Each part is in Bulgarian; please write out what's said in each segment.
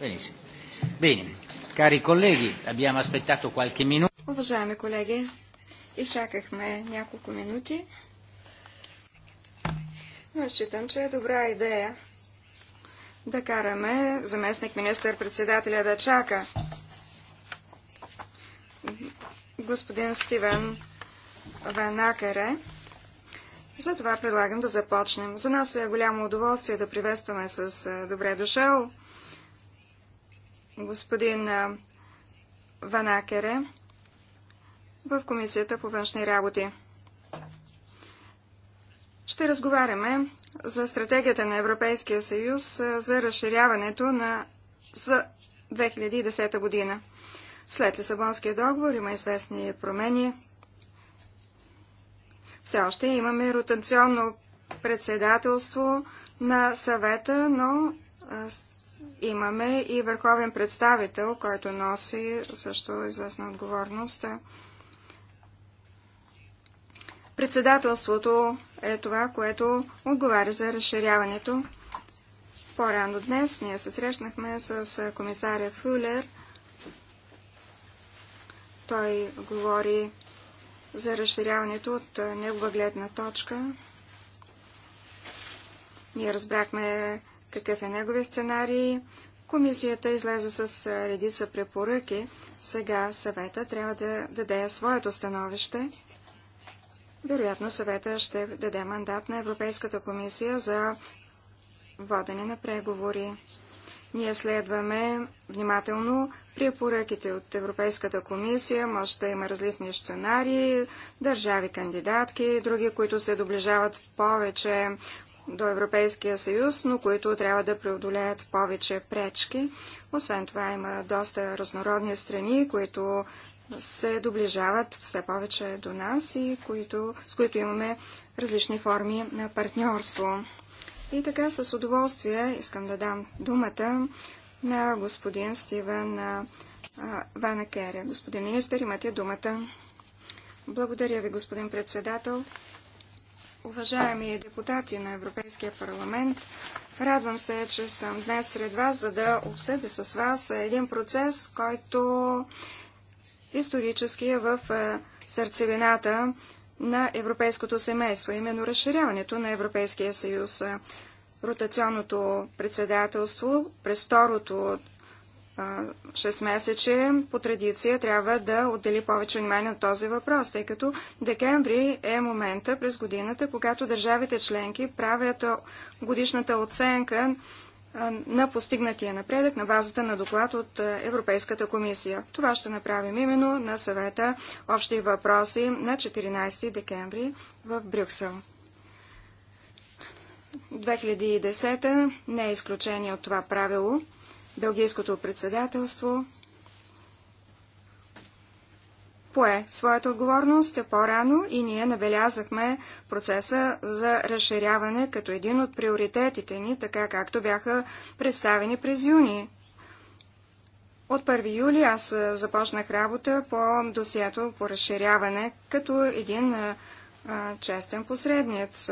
Benissimo. Bene, cari colleghi, abbiamo aspettato qualche minuto. Уважаеми колеги, изчакахме няколко минути, но считам, че е добра идея да караме заместник министър-председателя да чака. Господин Стивен за Затова предлагам да започнем. За нас е голямо удоволствие да приветстваме с е, добре дошъл господин Ванакере в Комисията по външни работи. Ще разговаряме за стратегията на Европейския съюз за разширяването на за 2010 година. След Лисабонския договор има известни промени. Все още имаме ротационно председателство на съвета, но Имаме и върховен представител, който носи също известна отговорност. Председателството е това, което отговаря за разширяването. По-рано днес ние се срещнахме с комисаря Фюлер. Той говори за разширяването от негова гледна точка. Ние разбрахме какъв е неговия сценарий. Комисията излезе с редица препоръки. Сега съвета трябва да даде своето становище. Вероятно съвета ще даде мандат на Европейската комисия за водене на преговори. Ние следваме внимателно препоръките от Европейската комисия. Може да има различни сценарии, държави кандидатки, други, които се доближават повече до Европейския съюз, но които трябва да преодолеят повече пречки. Освен това има доста разнородни страни, които се доближават все повече до нас и които, с които имаме различни форми на партньорство. И така с удоволствие искам да дам думата на господин Стивен Ванакере. Господин министър, имате думата. Благодаря ви, господин председател уважаеми депутати на Европейския парламент. Радвам се, че съм днес сред вас, за да обсъдя с вас един процес, който исторически е в е, сърцевината на европейското семейство, именно разширяването на Европейския съюз. Ротационното председателство през второто 6 месече по традиция трябва да отдели повече внимание на този въпрос, тъй като декември е момента през годината, когато държавите членки правят годишната оценка на постигнатия напредък на базата на доклад от Европейската комисия. Това ще направим именно на съвета Общи въпроси на 14 декември в Брюксел. 2010 не е изключение от това правило. Белгийското председателство пое своята отговорност е по-рано и ние набелязахме процеса за разширяване като един от приоритетите ни, така както бяха представени през юни. От 1 юли аз започнах работа по досието по разширяване като един а, честен посредниц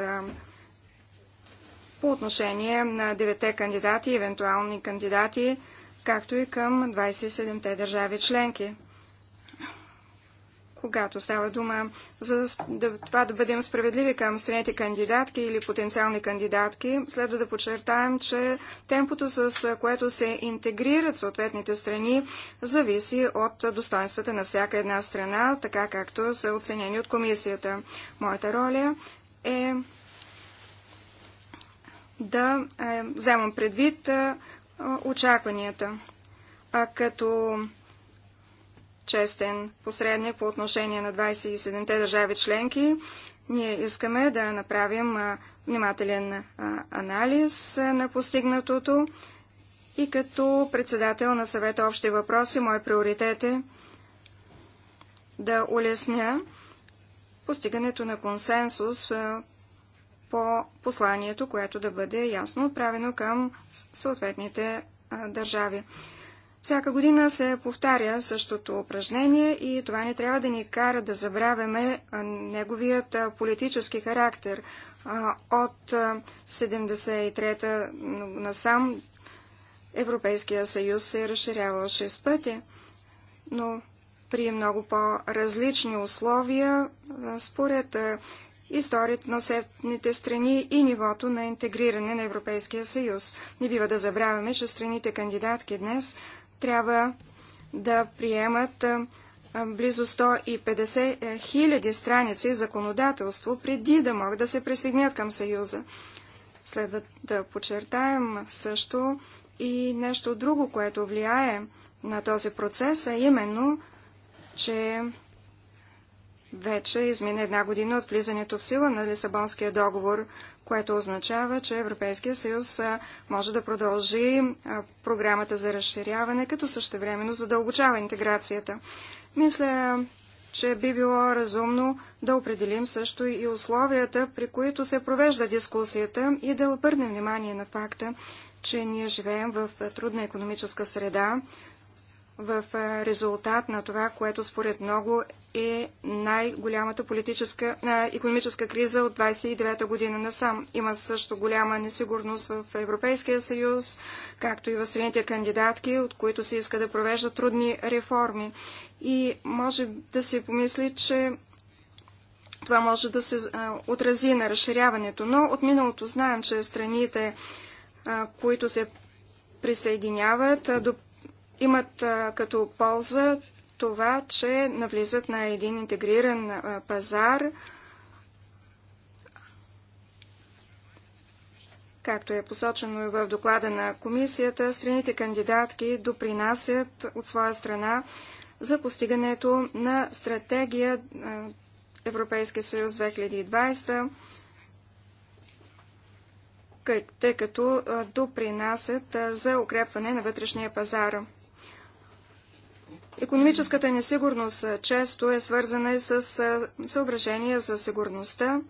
по отношение на девете кандидати и евентуални кандидати, както и към 27-те държави членки. Когато става дума за това да бъдем справедливи към страните кандидатки или потенциални кандидатки, следва да подчертаем, че темпото, с което се интегрират съответните страни, зависи от достоинствата на всяка една страна, така както са оценени от комисията. Моята роля е да е, вземам предвид е, очакванията. А като честен посредник по отношение на 27-те държави членки, ние искаме да направим е, внимателен е, анализ е, на постигнатото и като председател на съвета Общи въпроси, мой приоритет е да улесня постигането на консенсус е, по посланието, което да бъде ясно отправено към съответните държави. Всяка година се повтаря същото упражнение и това не трябва да ни кара да забравяме неговият политически характер. От 73-та насам Европейския съюз се е разширявал 6 пъти, но при много по-различни условия, според историята на съветните страни и нивото на интегриране на Европейския съюз. Не бива да забравяме, че страните кандидатки днес трябва да приемат близо 150 е, хиляди страници законодателство, преди да могат да се присъединят към Съюза. Следва да подчертаем също и нещо друго, което влияе на този процес, а именно, че вече измина една година от влизането в сила на Лисабонския договор, което означава, че Европейския съюз може да продължи програмата за разширяване, като същевременно задълбочава интеграцията. Мисля, че би било разумно да определим също и условията, при които се провежда дискусията и да обърнем внимание на факта, че ние живеем в трудна економическа среда, в резултат на това, което според много е най-голямата политическа, економическа криза от 29-та година насам. Има също голяма несигурност в Европейския съюз, както и в страните кандидатки, от които се иска да провеждат трудни реформи. И може да се помисли, че това може да се отрази на разширяването. Но от миналото знаем, че страните, които се присъединяват, имат като полза това, че навлизат на един интегриран пазар, Както е посочено и в доклада на комисията, страните кандидатки допринасят от своя страна за постигането на стратегия Европейския съюз 2020, тъй като допринасят за укрепване на вътрешния пазар. Економическата несигурност често е свързана и с съображения за сигурността,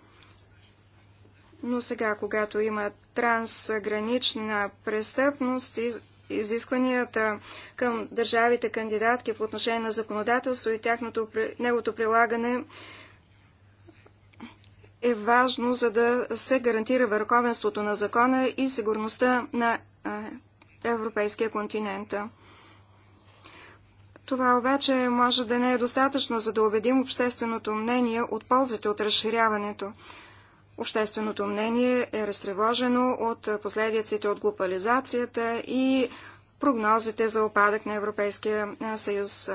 но сега, когато има трансгранична престъпност и изискванията към държавите кандидатки по отношение на законодателство и тяхното, негото прилагане е важно, за да се гарантира върховенството на закона и сигурността на европейския континент. Това обаче може да не е достатъчно, за да убедим общественото мнение от ползите от разширяването. Общественото мнение е разтревожено от последиците от глобализацията и прогнозите за опадък на Европейския съюз.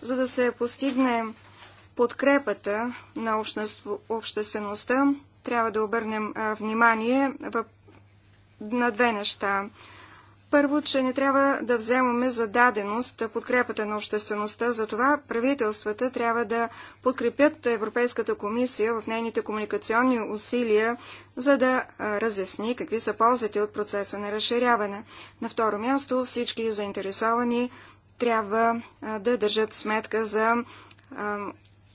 За да се постигне подкрепата на обществеността, трябва да обърнем внимание на две неща. Първо, че не трябва да вземаме за даденост подкрепата на обществеността. Затова правителствата трябва да подкрепят Европейската комисия в нейните комуникационни усилия, за да разясни какви са ползите от процеса на разширяване. На второ място, всички заинтересовани трябва да държат сметка за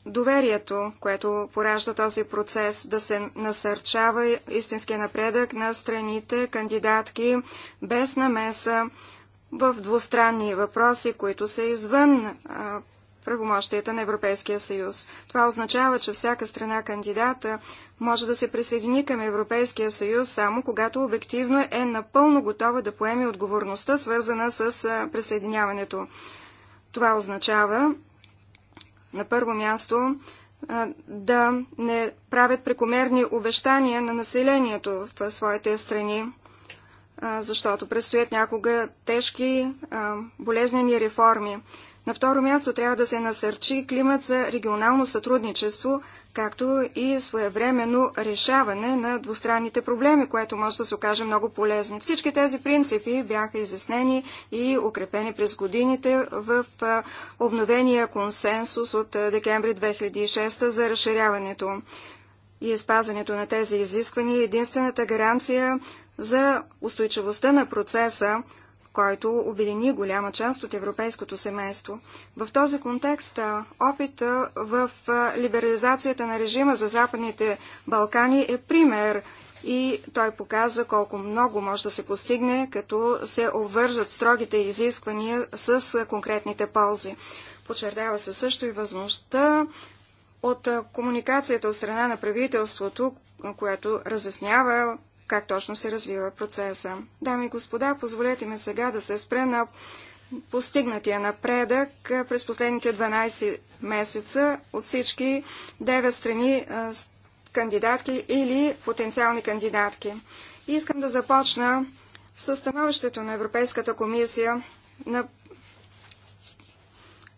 доверието, което поражда този процес, да се насърчава истинския напредък на страните, кандидатки, без намеса в двустранни въпроси, които са извън правомощията на Европейския съюз. Това означава, че всяка страна кандидата може да се присъедини към Европейския съюз само когато обективно е напълно готова да поеме отговорността, свързана с присъединяването. Това означава, на първо място да не правят прекомерни обещания на населението в своите страни, защото предстоят някога тежки болезнени реформи. На второ място трябва да се насърчи климат за регионално сътрудничество, както и своевременно решаване на двустранните проблеми, което може да се окаже много полезни. Всички тези принципи бяха изяснени и укрепени през годините в обновения консенсус от декември 2006 за разширяването. И спазването на тези изисквания единствената гаранция за устойчивостта на процеса, който обедини голяма част от европейското семейство. В този контекст опита в либерализацията на режима за Западните Балкани е пример и той показа колко много може да се постигне, като се обвържат строгите изисквания с конкретните ползи. Почердава се също и възможността от комуникацията от страна на правителството, което разяснява как точно се развива процеса. Дами и господа, позволете ми сега да се спре на постигнатия напредък през последните 12 месеца от всички 9 страни кандидатки или потенциални кандидатки. И искам да започна с становището на Европейската комисия на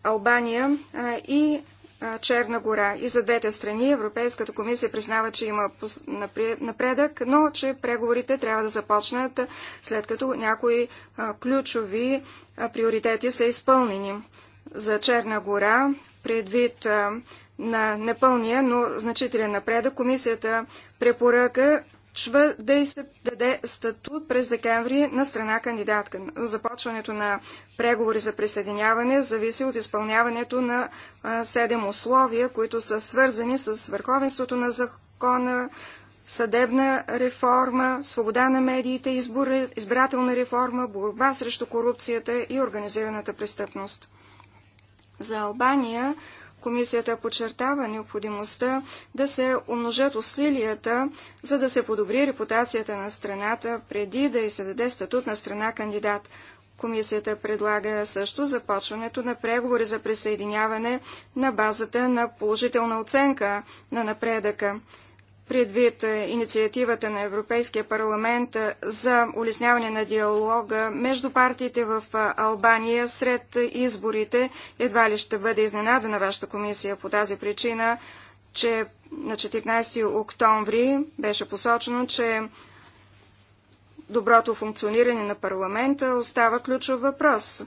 Албания и Черна гора. И за двете страни Европейската комисия признава, че има напредък, но че преговорите трябва да започнат след като някои ключови приоритети са изпълнени. За Черна гора, предвид на непълния, но значителен напредък, комисията препоръка Шведия се даде статут през декември на страна кандидатка. Започването на преговори за присъединяване зависи от изпълняването на седем условия, които са свързани с върховенството на закона, съдебна реформа, свобода на медиите, избор, избирателна реформа, борба срещу корупцията и организираната престъпност. За Албания Комисията подчертава необходимостта да се умножат усилията, за да се подобри репутацията на страната преди да й се даде статут на страна кандидат. Комисията предлага също започването на преговори за присъединяване на базата на положителна оценка на напредъка предвид е, инициативата на Европейския парламент е, за улесняване на диалога между партиите в е, Албания сред изборите. Едва ли ще бъде на вашата комисия по тази причина, че на 14 октомври беше посочено, че доброто функциониране на парламента остава ключов въпрос.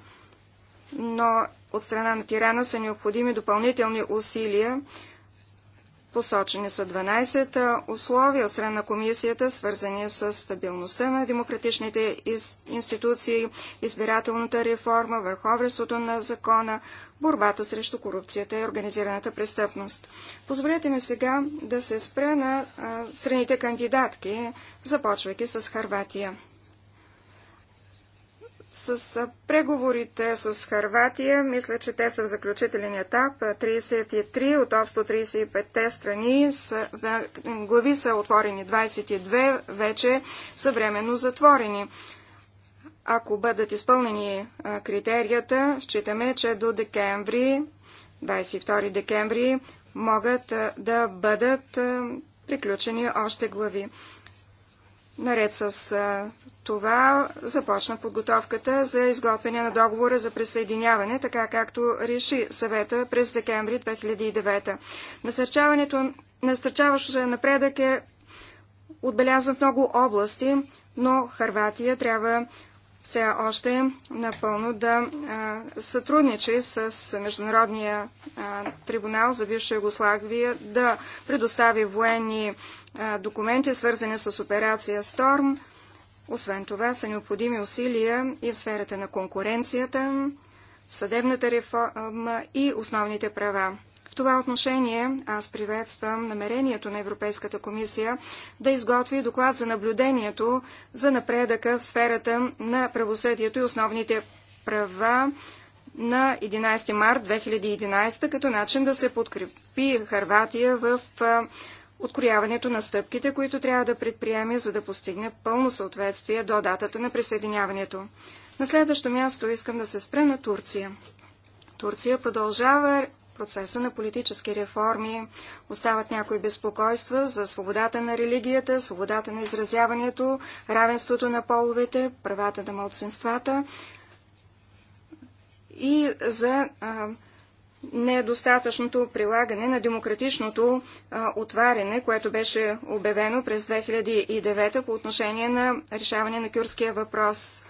Но от страна на Тирана са необходими допълнителни усилия Посочени са 12 условия от страна на комисията, свързани с стабилността на демократичните институции, избирателната реформа, върховенството на закона, борбата срещу корупцията и организираната престъпност. Позволете ми сега да се спре на а, страните кандидатки, започвайки с Харватия. С преговорите с Харватия, мисля, че те са в заключителен етап. 33 от общо 35-те страни са, глави са отворени, 22 вече са временно затворени. Ако бъдат изпълнени критерията, считаме, че до декември, 22 декември, могат да бъдат приключени още глави. Наред с това започна подготовката за изготвяне на договора за присъединяване, така както реши съвета през декември 2009. Насърчаването, насърчаващия напредък е отбелязан в много области, но Харватия трябва все още напълно да сътрудничи с Международния трибунал за бивша Югославия да предостави военни документи, свързани с операция Сторм. Освен това са необходими усилия и в сферата на конкуренцията, съдебната реформа и основните права. В това отношение аз приветствам намерението на Европейската комисия да изготви доклад за наблюдението за напредъка в сферата на правосъдието и основните права на 11 март 2011 като начин да се подкрепи Харватия в открояването на стъпките, които трябва да предприеме, за да постигне пълно съответствие до датата на присъединяването. На следващо място искам да се спре на Турция. Турция продължава процеса на политически реформи. Остават някои безпокойства за свободата на религията, свободата на изразяването, равенството на половете, правата на мълцинствата и за недостатъчното прилагане на демократичното а, отваряне, което беше обявено през 2009 по отношение на решаване на кюрския въпрос.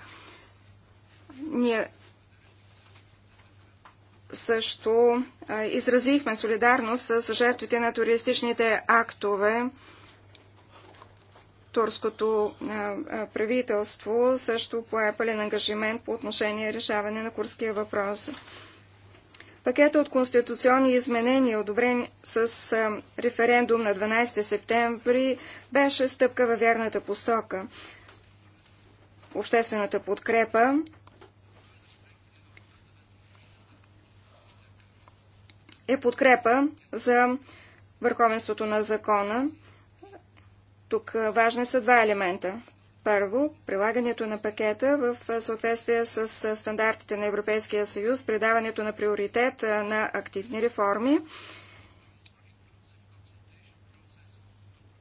Ние също изразихме солидарност с жертвите на туристичните актове. Турското правителство също пое пълен ангажимент по отношение решаване на курския въпрос. Пакета от конституционни изменения, одобрен с референдум на 12 септември, беше стъпка във вярната постока. Обществената подкрепа е подкрепа за върховенството на закона. Тук важни са два елемента. Първо, прилагането на пакета в съответствие с стандартите на Европейския съюз, предаването на приоритет на активни реформи,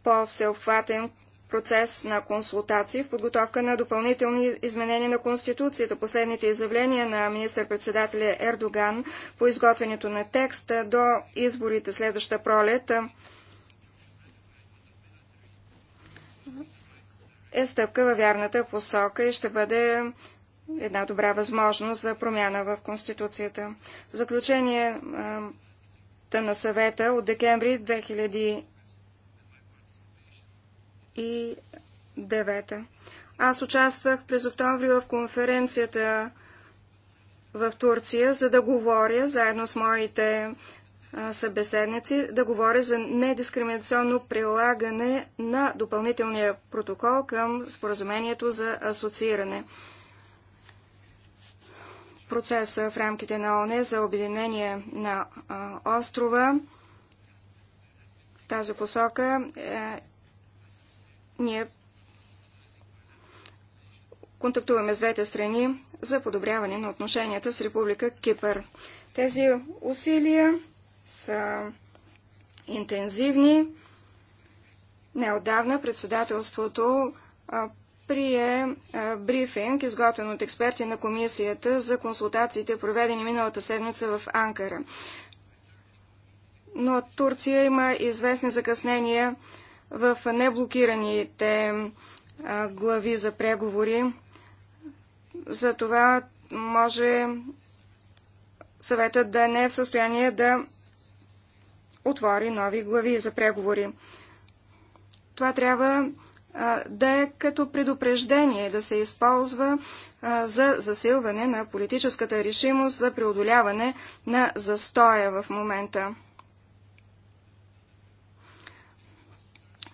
по-всеобхватен процес на консултации в подготовка на допълнителни изменения на Конституцията. Последните изявления на министър-председателя Ердоган по изготвянето на текста до изборите следваща пролет е стъпка във вярната посока и ще бъде една добра възможност за промяна в Конституцията. В заключение на съвета от декември 1989. Аз участвах през октомври в конференцията в Турция, за да говоря заедно с моите събеседници, да говоря за недискриминационно прилагане на допълнителния протокол към споразумението за асоцииране. Процеса в рамките на ОНЕ за обединение на острова тази посока е, ние контактуваме с двете страни за подобряване на отношенията с Република Кипър. Тези усилия са интензивни. Неодавна председателството прие брифинг, изготвен от експерти на комисията за консултациите, проведени миналата седмица в Анкара. Но Турция има известни закъснения в неблокираните глави за преговори. За това може съветът да не е в състояние да отвори нови глави за преговори. Това трябва да е като предупреждение, да се използва за засилване на политическата решимост за преодоляване на застоя в момента.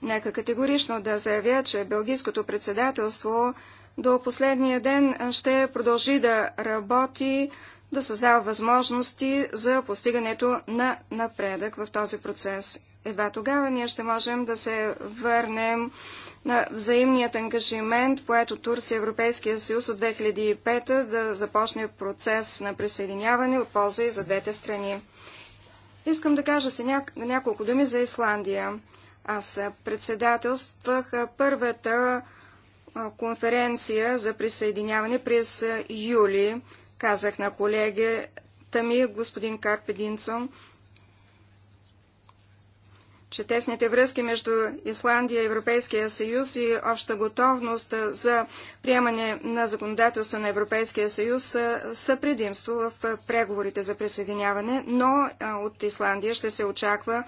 Нека категорично да заявя, че Белгийското председателство до последния ден ще продължи да работи, да създава възможности за постигането на напредък в този процес. Едва тогава ние ще можем да се върнем на взаимният ангажимент, поето Турция Европейския съюз от 2005 да започне процес на присъединяване от полза и за двете страни. Искам да кажа се няколко думи за Исландия. Аз председателствах първата конференция за присъединяване през юли. Казах на колегата ми, господин Карпединсон, че тесните връзки между Исландия и Европейския съюз и обща готовност за приемане на законодателство на Европейския съюз са предимство в преговорите за присъединяване, но от Исландия ще се очаква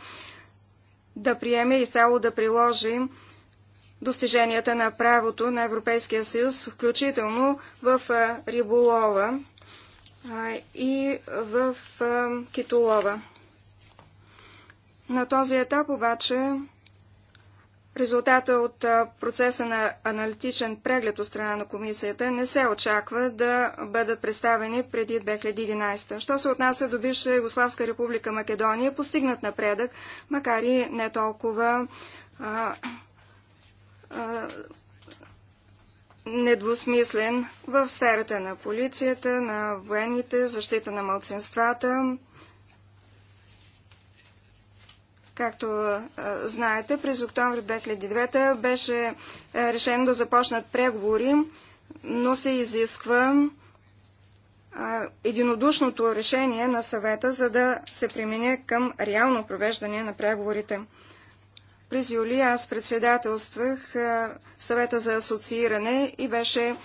да приеме и цяло да приложи достиженията на правото на Европейския съюз, включително в риболова и в китолова. На този етап обаче Резултата от процеса на аналитичен преглед от страна на комисията не се очаква да бъдат представени преди 2011. Що се отнася до бивша Югославска република Македония, постигнат напредък, макар и не толкова а, а, недвусмислен в сферата на полицията, на военните, защита на мълцинствата, Както знаете, през октомври 2009 беше решено да започнат преговори, но се изисква единодушното решение на съвета, за да се премине към реално провеждане на преговорите. През юли аз председателствах съвета за асоцииране и беше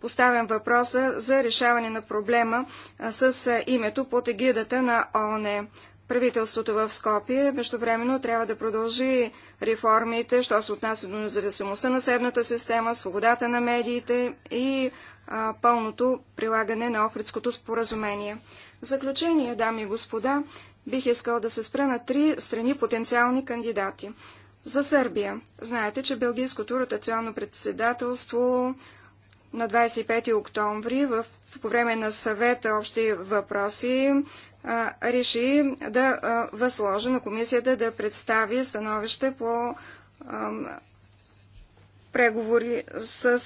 поставен въпроса за решаване на проблема с името под егидата на ООН правителството в Скопие. Междувременно трябва да продължи реформите, що се отнася до независимостта на съдебната система, свободата на медиите и а, пълното прилагане на Охридското споразумение. В заключение, дами и господа, бих искал да се спра на три страни потенциални кандидати. За Сърбия. Знаете, че Белгийското ротационно председателство на 25 октомври в, по време на съвета общи въпроси реши да възложи на комисията да представи становище по преговори с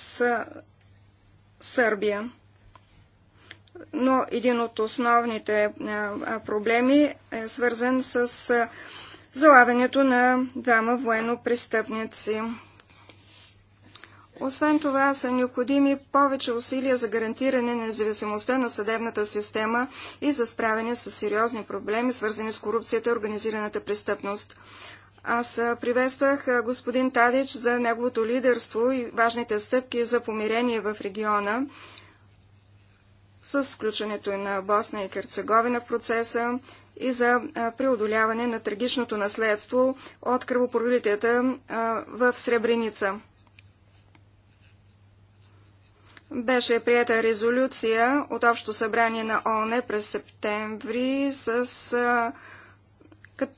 Сърбия. Но един от основните проблеми е свързан с залавянето на двама военно престъпници. Освен това са необходими повече усилия за гарантиране на независимостта на съдебната система и за справяне с сериозни проблеми, свързани с корупцията и организираната престъпност. Аз приветствах господин Тадич за неговото лидерство и важните стъпки за помирение в региона с включването на Босна и Керцеговина в процеса и за преодоляване на трагичното наследство от кръвопролитията в Сребреница. Беше прията резолюция от Общо събрание на ООН през септември, с,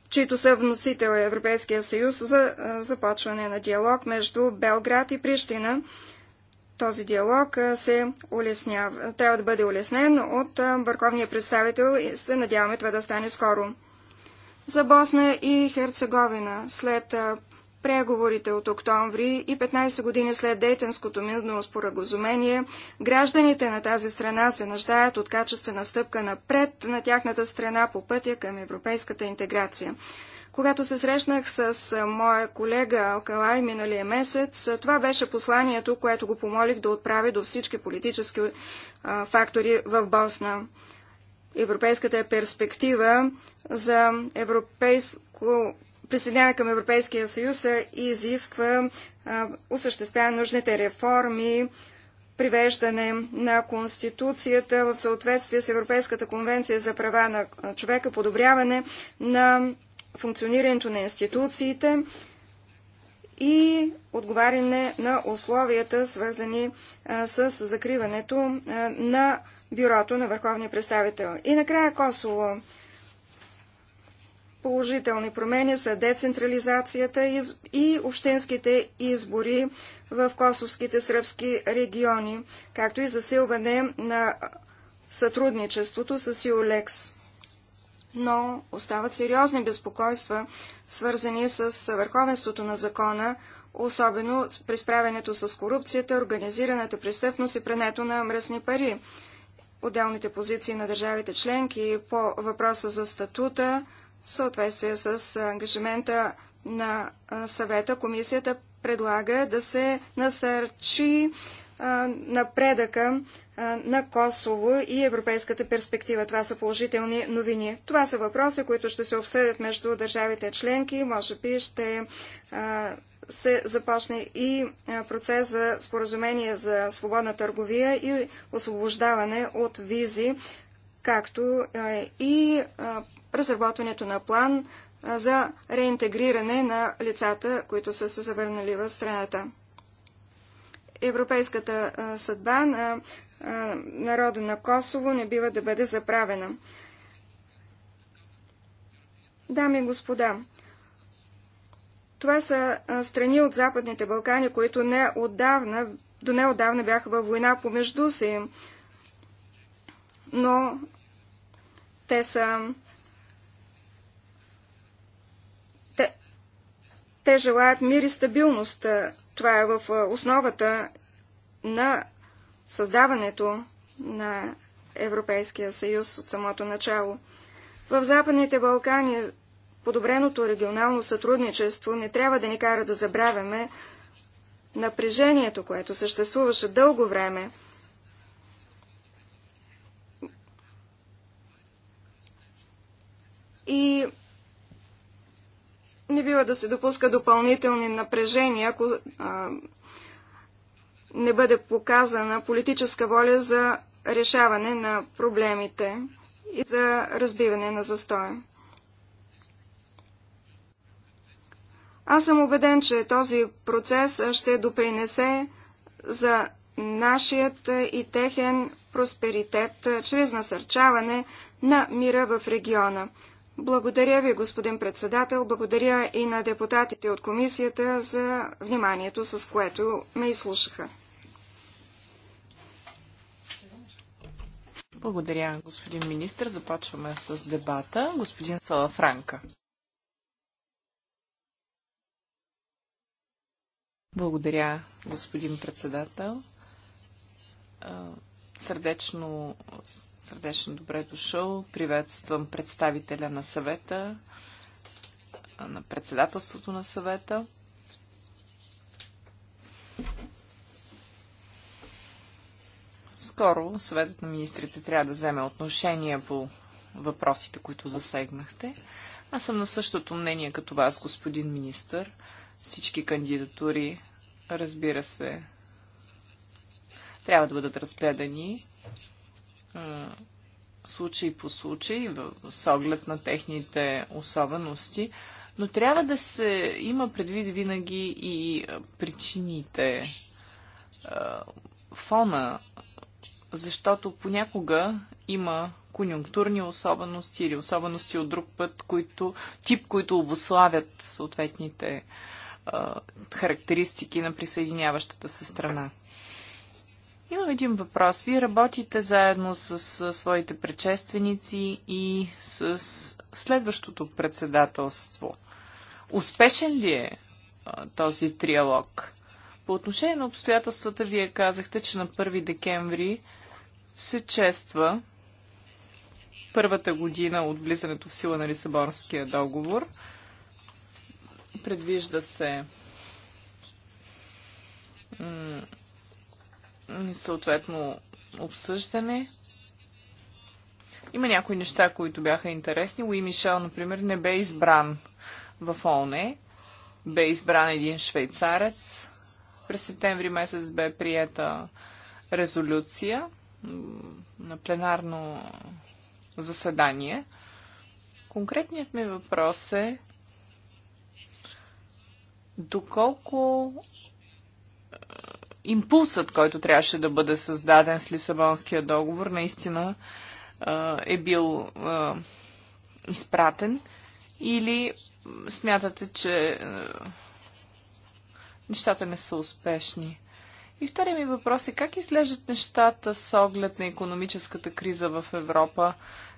чието са вносител е Европейския съюз за започване на диалог между Белград и Прищина. Този диалог се улеснява, трябва да бъде улеснен от върховния представител и се надяваме това да стане скоро. За Босна и Херцеговина след преговорите от октомври и 15 години след Дейтенското мирно споразумение, гражданите на тази страна се нуждаят от качествена стъпка напред на тяхната страна по пътя към европейската интеграция. Когато се срещнах с моя колега Алкалай миналия месец, това беше посланието, което го помолих да отправи до всички политически фактори в Босна. Европейската перспектива за европейско присъединяване към Европейския съюз изисква осъществяване нужните реформи, привеждане на Конституцията в съответствие с Европейската конвенция за права на човека, подобряване на функционирането на институциите и отговаряне на условията, свързани с закриването на бюрото на Върховния представител. И накрая Косово. Положителни промени са децентрализацията и общинските избори в косовските сръбски региони, както и засилване на сътрудничеството с ЮЛЕКС. Но остават сериозни безпокойства, свързани с върховенството на закона, особено при справянето с корупцията, организираната престъпност и прането на мръсни пари. Отделните позиции на държавите членки по въпроса за статута в съответствие с ангажимента на съвета, комисията предлага да се насърчи напредъка на Косово и европейската перспектива. Това са положителни новини. Това са въпроси, които ще се обсъдят между държавите членки. Може би ще се започне и процес за споразумение за свободна търговия и освобождаване от визи, както и разработването на план за реинтегриране на лицата, които са се завърнали в страната. Европейската съдба на народа на Косово не бива да бъде заправена. Дами и господа, това са страни от Западните Балкани, които не отдавна, до отдавна бяха във война помежду си, но те са Те желаят мир и стабилност. Е, това е в е, основата на създаването на Европейския съюз от самото начало. В Западните Балкани подобреното регионално сътрудничество не трябва да ни кара да забравяме напрежението, което съществуваше дълго време. И не бива да се допуска допълнителни напрежения, ако а, не бъде показана политическа воля за решаване на проблемите и за разбиване на застоя. Аз съм убеден, че този процес ще допринесе за нашият и техен просперитет чрез насърчаване на мира в региона. Благодаря ви, господин председател. Благодаря и на депутатите от комисията за вниманието, с което ме изслушаха. Благодаря, господин министр. Започваме с дебата. Господин Салафранка. Благодаря, господин председател. Сърдечно Сърдечно добре дошъл. Приветствам представителя на съвета, на председателството на съвета. Скоро съветът на министрите трябва да вземе отношение по въпросите, които засегнахте. Аз съм на същото мнение като вас, господин министър. Всички кандидатури, разбира се, трябва да бъдат разгледани случай по случай, с оглед на техните особености, но трябва да се има предвид винаги и причините, фона, защото понякога има конюнктурни особености или особености от друг път, които, тип, които обославят съответните характеристики на присъединяващата се страна. Имам един въпрос. Вие работите заедно с, с своите предшественици и с следващото председателство. Успешен ли е а, този триалог? По отношение на обстоятелствата, вие казахте, че на 1 декември се чества първата година от влизането в сила на Лисабонския договор. Предвижда се съответно обсъждане. Има някои неща, които бяха интересни. Луи Мишел, например, не бе избран в ОНЕ. Бе избран един швейцарец. През септември месец бе приета резолюция на пленарно заседание. Конкретният ми въпрос е доколко импулсът, който трябваше да бъде създаден с Лисабонския договор, наистина е бил изпратен? Или смятате, че нещата не са успешни? И втория ми въпрос е как изглеждат нещата с оглед на економическата криза в Европа?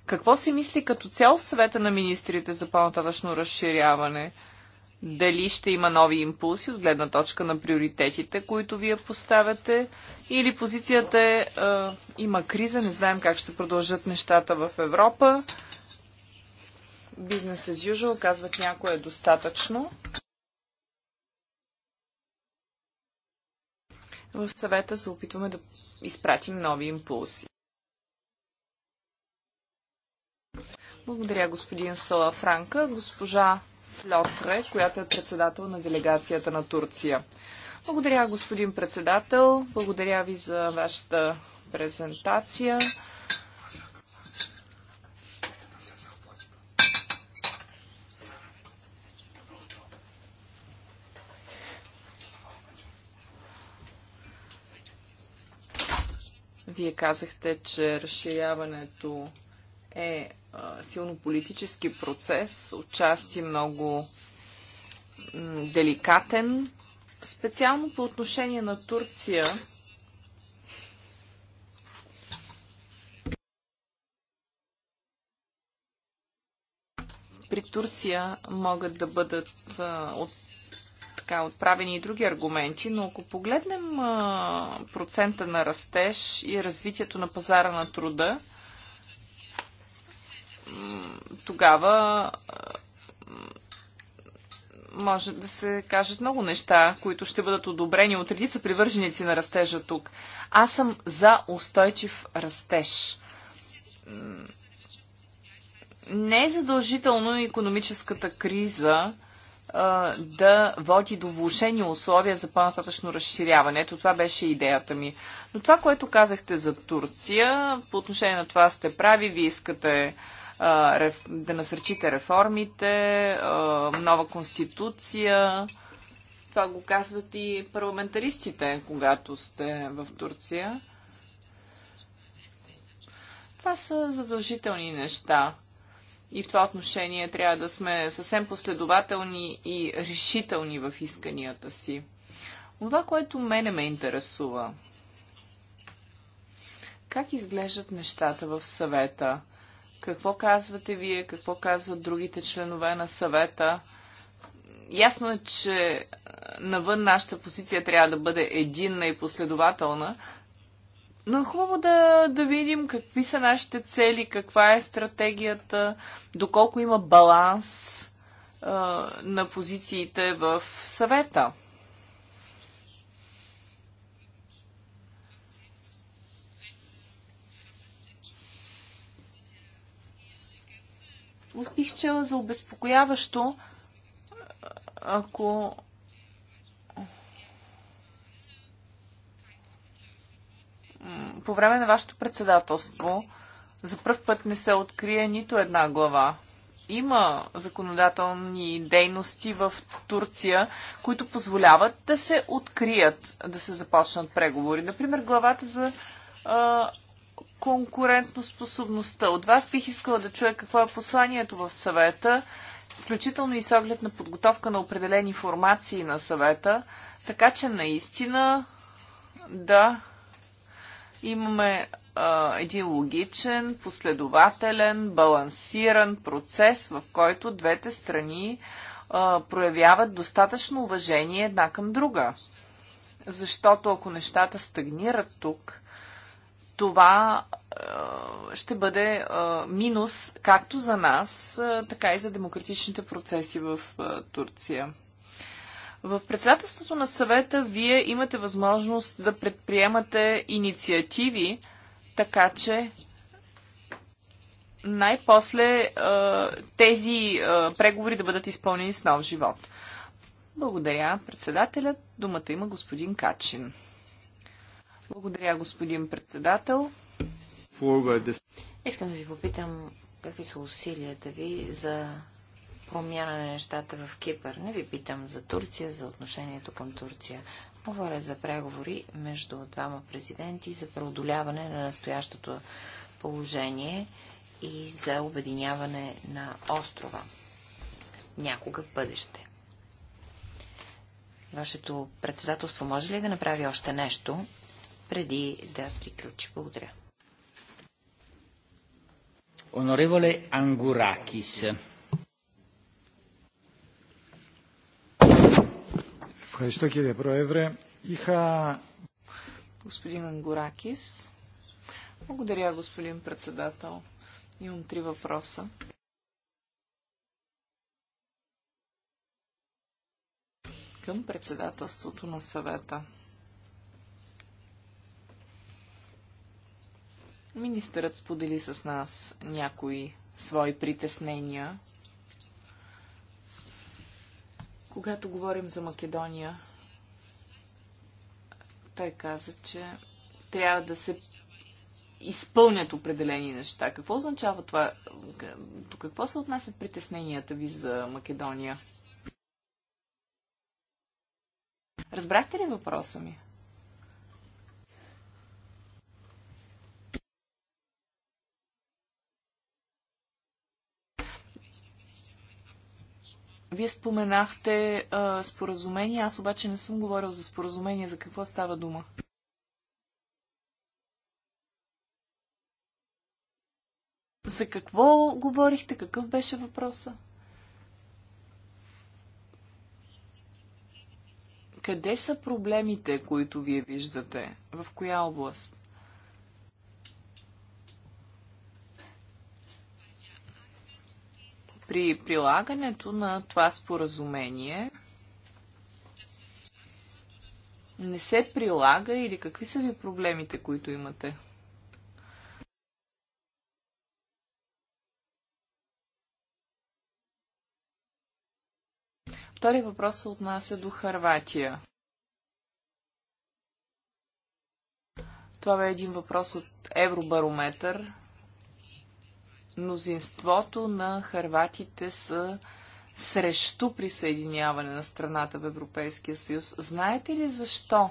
Какво се мисли като цяло в съвета на министрите за по-нататъчно разширяване? дали ще има нови импулси от гледна точка на приоритетите, които вие поставяте, или позицията е а, има криза, не знаем как ще продължат нещата в Европа. Бизнес as usual, казват някое е достатъчно. В съвета се опитваме да изпратим нови импулси. Благодаря, господин Сала Франка. Госпожа Льотре, която е председател на делегацията на Турция. Благодаря, господин председател. Благодаря ви за вашата презентация. Вие казахте, че разширяването е, е силно политически процес, отчасти много деликатен. Специално по отношение на Турция, при Турция могат да бъдат а, от, така, отправени и други аргументи, но ако погледнем а, процента на растеж и развитието на пазара на труда, тогава може да се кажат много неща, които ще бъдат одобрени от редица привърженици на растежа тук. Аз съм за устойчив растеж. Не е задължително економическата криза а, да води до влушени условия за по-нататъчно разширяване. Ето това беше идеята ми. Но това, което казахте за Турция, по отношение на това сте прави, вие искате а, да насърчите реформите, нова конституция. Това го казват и парламентаристите, когато сте в Турция. Това са задължителни неща. И в това отношение трябва да сме съвсем последователни и решителни в исканията си. Това, което мене ме интересува, как изглеждат нещата в съвета? какво казвате вие, какво казват другите членове на съвета. Ясно е, че е, навън нашата позиция трябва да бъде единна и последователна, но е хубаво да, да видим какви са нашите цели, каква е стратегията, доколко има баланс а, е, на позициите в съвета. Аз бих чела за обезпокояващо, ако по време на вашето председателство за първ път не се открие нито една глава. Има законодателни дейности в Турция, които позволяват да се открият, да се започнат преговори. Например, главата за а, конкурентоспособността. От вас бих искала да чуя какво е посланието в съвета, включително и с оглед на подготовка на определени формации на съвета, така че наистина да имаме а, един логичен, последователен, балансиран процес, в който двете страни а, проявяват достатъчно уважение една към друга. Защото ако нещата стагнират тук, това е, ще бъде е, минус както за нас, е, така и за демократичните процеси в Турция. В председателството на съвета вие имате възможност да предприемате инициативи, така че най-после тези преговори да бъдат изпълнени с нов живот. Благодаря, председателят. Думата има господин Качин. Благодаря, господин председател. Искам да ви попитам какви са усилията ви за промяна на нещата в Кипър. Не ви питам за Турция, за отношението към Турция. Говоря за преговори между двама президенти за преодоляване на настоящото положение и за обединяване на острова. Някога в бъдеще. Вашето председателство може ли да направи още нещо, преди да приключи. Благодаря. Онореволе Ангуракис. Ευχαριστώ κύριε Πρόεδρε. Είχα... Господин Ангуракис. Благодаря, господин председател. Имам три въпроса. Към председателството на съвета. Министърът сподели с нас някои свои притеснения. Когато говорим за Македония, той каза, че трябва да се изпълнят определени неща. Какво означава това? До какво се отнасят притесненията ви за Македония? Разбрахте ли въпроса ми? Вие споменахте а, споразумение, аз обаче не съм говорил за споразумение. За какво става дума? За какво говорихте? Какъв беше въпроса? Къде са проблемите, които вие виждате? В коя област? при прилагането на това споразумение не се прилага или какви са ви проблемите, които имате? Втори въпрос се отнася до Харватия. Това бе един въпрос от Евробарометър мнозинството на харватите са срещу присъединяване на страната в Европейския съюз. Знаете ли защо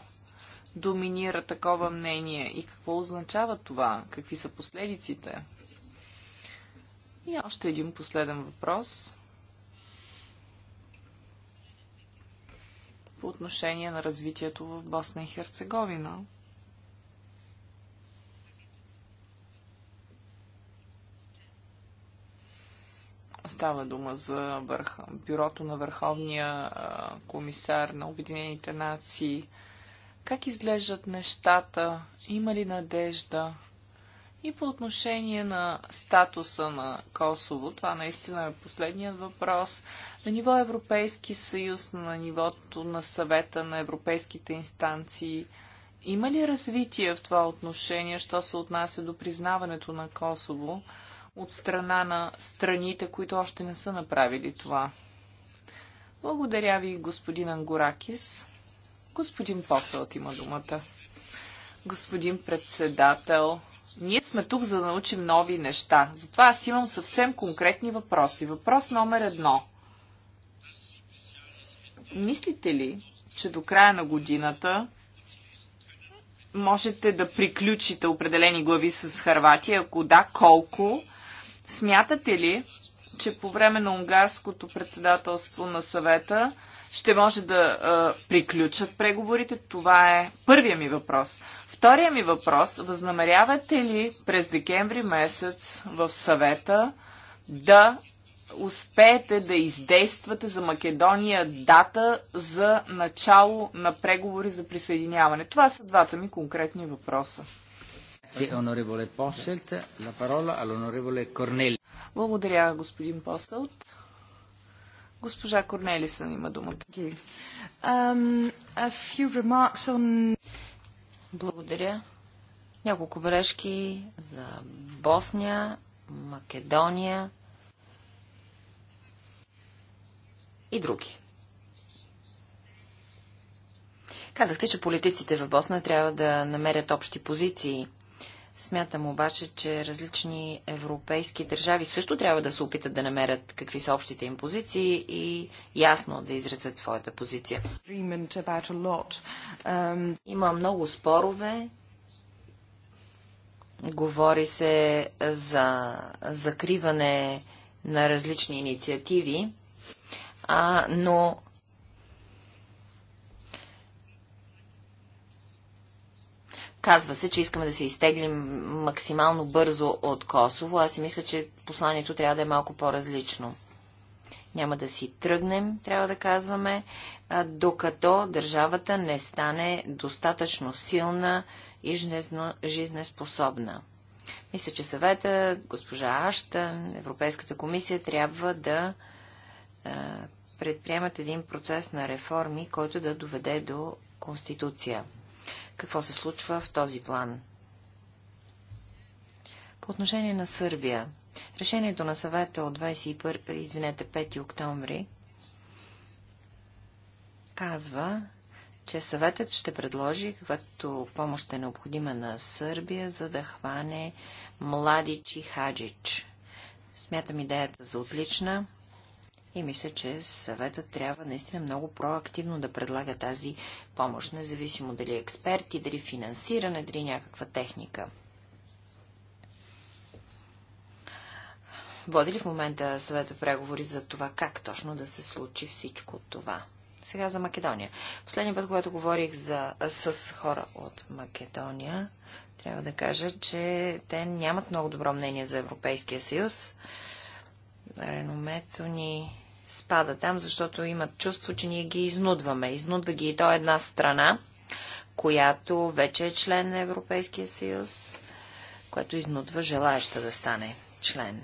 доминира такова мнение и какво означава това? Какви са последиците? И още един последен въпрос. По отношение на развитието в Босна и Херцеговина. Става дума за върх... бюрото на Върховния комисар на Обединените нации. Как изглеждат нещата? Има ли надежда? И по отношение на статуса на Косово, това наистина е последният въпрос, на ниво Европейски съюз, на нивото на съвета на европейските инстанции, има ли развитие в това отношение, що се отнася до признаването на Косово? от страна на страните, които още не са направили това. Благодаря ви, господин Ангоракис. Господин Посълт има думата. Господин председател, ние сме тук, за да научим нови неща. Затова аз имам съвсем конкретни въпроси. Въпрос номер едно. Мислите ли, че до края на годината можете да приключите определени глави с Харватия? Ако да, колко? Смятате ли, че по време на унгарското председателство на съвета ще може да а, приключат преговорите? Това е първия ми въпрос. Втория ми въпрос, възнамерявате ли през декември месец в съвета да успеете да издействате за Македония дата за начало на преговори за присъединяване? Това са двата ми конкретни въпроса. Благодаря, господин Постелт. Госпожа Корнелисън има думата. Um, Благодаря. Няколко бележки за Босния, Македония и други. Казахте, че политиците в Босна трябва да намерят общи позиции – Смятам обаче, че различни европейски държави също трябва да се опитат да намерят какви са общите им позиции и ясно да изразят своята позиция. Um, Има много спорове. Говори се за закриване на различни инициативи, а, но Казва се, че искаме да се изтеглим максимално бързо от Косово. Аз си мисля, че посланието трябва да е малко по-различно. Няма да си тръгнем, трябва да казваме, докато държавата не стане достатъчно силна и жизнеспособна. Мисля, че съвета, госпожа Аштън, Европейската комисия трябва да предприемат един процес на реформи, който да доведе до конституция какво се случва в този план. По отношение на Сърбия, решението на съвета от 21, извинете, 5 октомври казва, че съветът ще предложи каквато помощ е необходима на Сърбия, за да хване младичи хаджич. Смятам идеята за отлична. И мисля, че съветът трябва наистина много проактивно да предлага тази помощ, независимо дали е експерти, дали финансиране, дали е някаква техника. Води ли в момента съвета преговори за това как точно да се случи всичко това? Сега за Македония. Последния път, когато говорих за, с хора от Македония, трябва да кажа, че те нямат много добро мнение за Европейския съюз. Реномето ни спада там, защото имат чувство, че ние ги изнудваме. Изнудва ги и то една страна, която вече е член на Европейския съюз, която изнудва желаеща да стане член.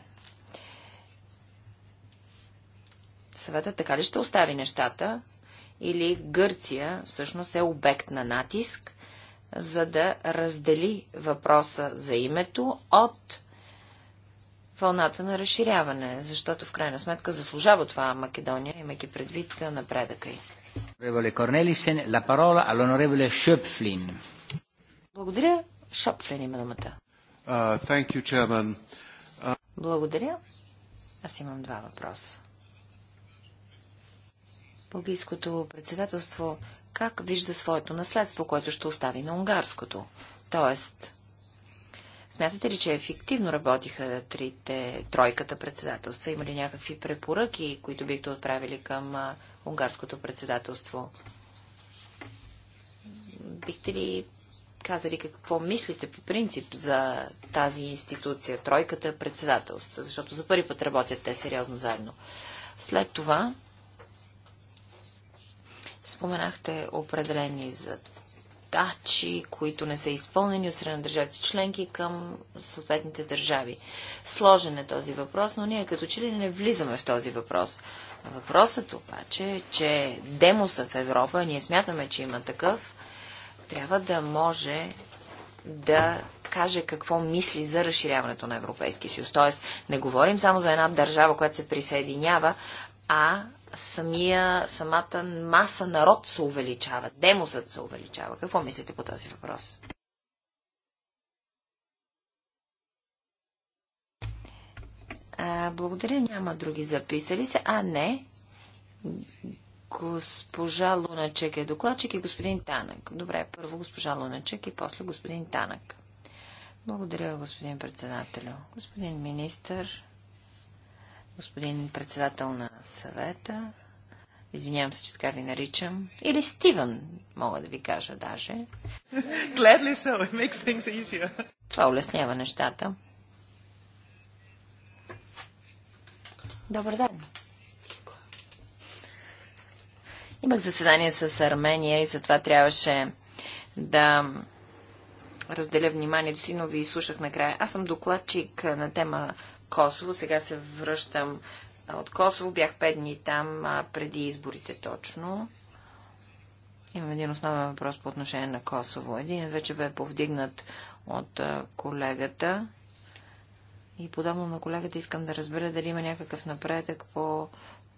Съветът така ли ще остави нещата? Или Гърция всъщност е обект на натиск, за да раздели въпроса за името от вълната на разширяване, защото в крайна сметка заслужава това Македония, имайки предвид напредъка й. Благодаря. Шопфлин има думата. Uh, uh, Благодаря. Аз имам два въпроса. Българското председателство как вижда своето наследство, което ще остави на унгарското? Тоест, Смятате ли, че ефективно работиха трите, тройката председателства? Има ли някакви препоръки, които бихте отправили към унгарското председателство? Бихте ли казали какво мислите по принцип за тази институция, тройката председателства, защото за първи път работят те сериозно заедно. След това споменахте определени за задачи, които не са изпълнени от страна на държавите членки към съответните държави. Сложен е този въпрос, но ние като че ли не влизаме в този въпрос. Въпросът обаче е, че демоса в Европа, ние смятаме, че има такъв, трябва да може да каже какво мисли за разширяването на Европейския съюз. Тоест, не говорим само за една държава, която се присъединява, а самия, самата маса народ се увеличава, демосът се увеличава. Какво мислите по този въпрос? А, благодаря, няма други записали се. А, не. Госпожа Луначек е докладчик и господин Танък. Добре, първо госпожа Луначек и после господин Танък. Благодаря, господин председател. Господин министър, господин председател на съвета. Извинявам се, че така ви наричам. Или Стивън, мога да ви кажа даже. Gladly so. It makes things easier. Това улеснява нещата. Добър ден. Имах заседание с Армения и затова трябваше да разделя вниманието си, но ви слушах накрая. Аз съм докладчик на тема Косово. Сега се връщам от Косово. Бях пет дни там а, преди изборите точно. Имам един основен въпрос по отношение на Косово. Един е вече бе повдигнат от а, колегата. И подобно на колегата искам да разбера дали има някакъв напредък по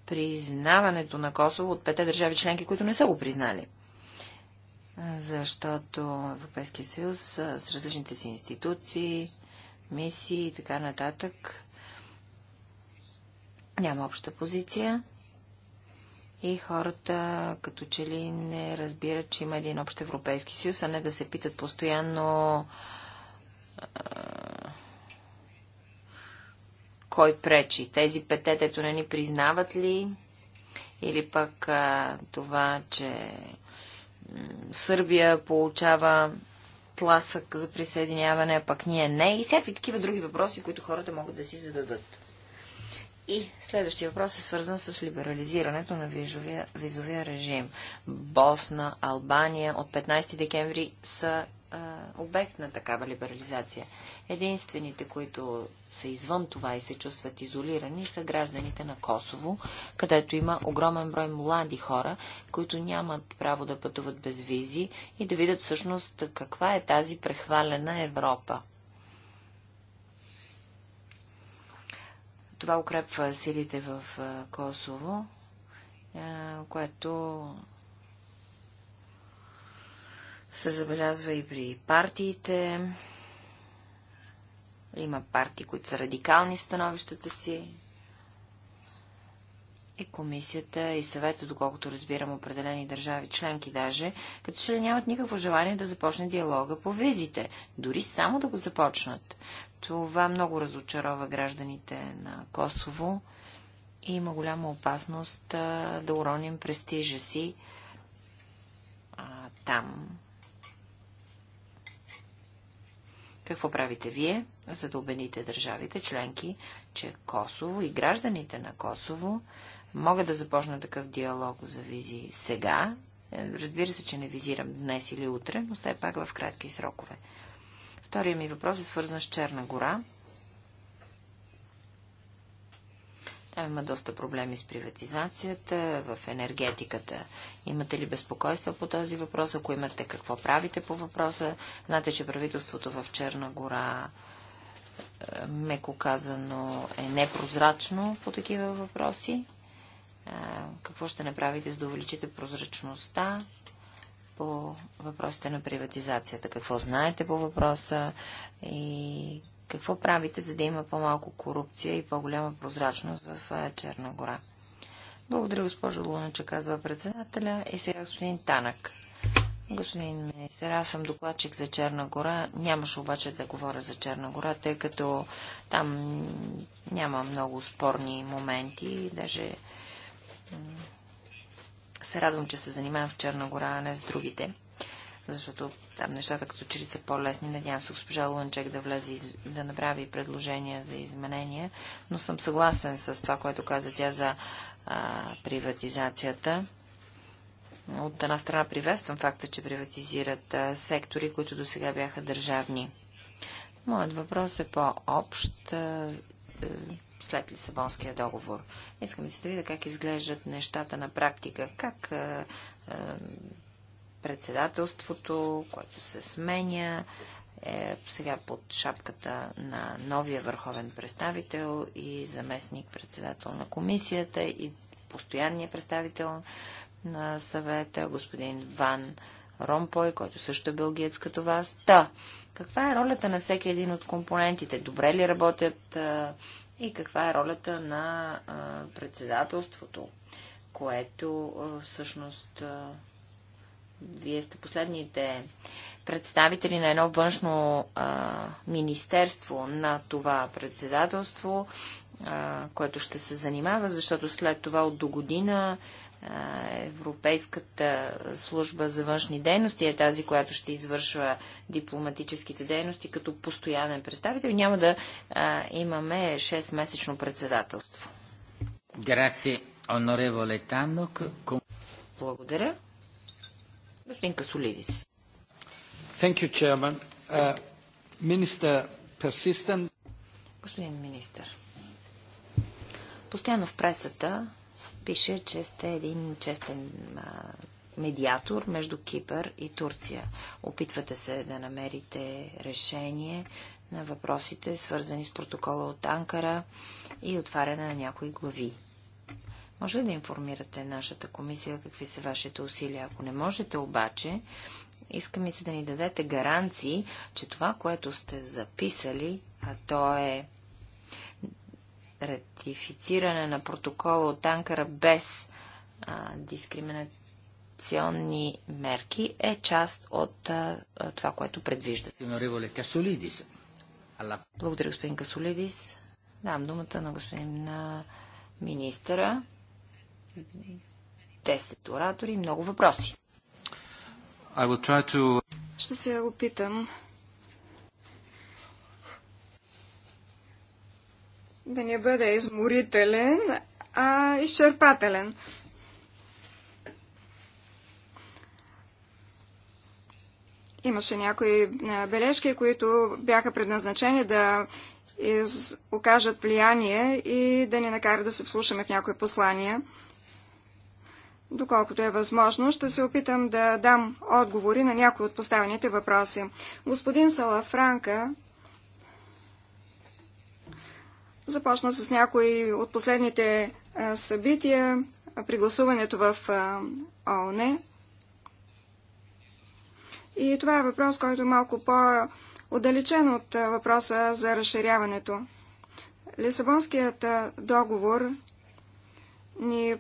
признаването на Косово от пете държави членки, които не са го признали. Защото Европейския съюз с различните си институции, мисии и така нататък. Няма обща позиция. И хората като че ли не разбират, че има един общ Европейски съюз, а не да се питат постоянно кой пречи. Тези пете, дето не ни признават ли? Или пък а, това, че Сърбия получава тласък за присъединяване, а пък ние не. И всякакви такива други въпроси, които хората могат да си зададат. И следващия въпрос е свързан с либерализирането на визовия, визовия режим. Босна, Албания от 15 декември са обект на такава либерализация. Единствените, които са извън това и се чувстват изолирани, са гражданите на Косово, където има огромен брой млади хора, които нямат право да пътуват без визи и да видят всъщност каква е тази прехвалена Европа. Това укрепва силите в Косово, което се забелязва и при партиите. Има партии, които са радикални в становищата си. И комисията, и съвета, доколкото разбирам определени държави членки даже, като че ли нямат никакво желание да започне диалога по визите, дори само да го започнат. Това много разочарова гражданите на Косово и има голяма опасност да уроним престижа си а, там Какво правите вие, за да убедите държавите членки, че Косово и гражданите на Косово могат да започнат такъв диалог за визи сега? Е, разбира се, че не визирам днес или утре, но все пак в кратки срокове. Втория ми въпрос е свързан с Черна гора. Там има доста проблеми с приватизацията, в енергетиката. Имате ли безпокойства по този въпрос? Ако имате, какво правите по въпроса? Знаете, че правителството в Черна гора е, меко казано, е непрозрачно по такива въпроси? Е, какво ще направите, за да увеличите прозрачността по въпросите на приватизацията? Какво знаете по въпроса и какво правите, за да има по-малко корупция и по-голяма прозрачност в Черна гора? Благодаря, госпожо Лунача, казва председателя. И сега господин Танък. Господин министър, аз съм докладчик за Черна гора. Нямаше обаче да говоря за Черна гора, тъй като там няма много спорни моменти. Даже се радвам, че се занимавам в Черна гора, а не с другите защото там нещата като че ли са по-лесни. Надявам се госпожа Лунчек да влезе, из... да направи предложения за изменения, но съм съгласен с това, което каза тя за а, приватизацията. От една страна приветствам факта, че приватизират а, сектори, които до сега бяха държавни. Моят въпрос е по-общ след Лисабонския договор. Искам да се видя как изглеждат нещата на практика, как председателството, което се сменя, е сега под шапката на новия върховен представител и заместник председател на комисията и постоянния представител на съвета, господин Ван Ромпой, който също е бългиец като вас. Та, каква е ролята на всеки един от компонентите? Добре ли работят и каква е ролята на председателството, което всъщност вие сте последните представители на едно външно а, министерство на това председателство, а, което ще се занимава, защото след това от до година Европейската служба за външни дейности е тази, която ще извършва дипломатическите дейности като постоянен представител. Няма да а, имаме 6-месечно председателство. Благодаря. Господин Касолидис. You, uh, minister, persistent... Господин министър, постоянно в пресата пише, че сте един честен а, медиатор между Кипър и Турция. Опитвате се да намерите решение на въпросите, свързани с протокола от Анкара и отваряне на някои глави. Може ли да информирате нашата комисия какви са вашите усилия? Ако не можете обаче, иска ми се да ни дадете гаранции, че това, което сте записали, а то е ратифициране на протокола от Анкара без а, дискриминационни мерки, е част от а, това, което предвиждате. Благодаря, господин Касолидис. Дам думата на господин на министъра. Десет оратори, много въпроси. To... Ще се опитам да не бъде изморителен, а изчерпателен. Имаше някои бележки, които бяха предназначени да из... окажат влияние и да ни накарат да се вслушаме в някои послания. Доколкото е възможно, ще се опитам да дам отговори на някои от поставените въпроси. Господин Салафранка започна с някои от последните събития при гласуването в ООН. И това е въпрос, който е малко по-отдалечен от въпроса за разширяването. Лисабонският договор ни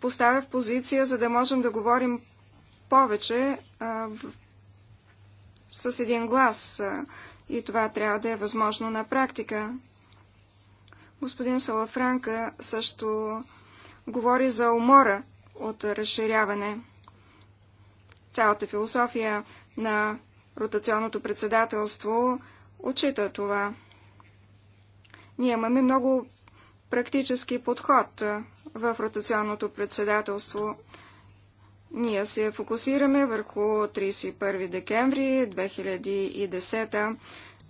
поставя в позиция, за да можем да говорим повече а, с един глас. А, и това трябва да е възможно на практика. Господин Салафранка също говори за умора от разширяване. Цялата философия на ротационното председателство отчита това. Ние имаме много практически подход в ротационното председателство. Ние се фокусираме върху 31 декември 2010.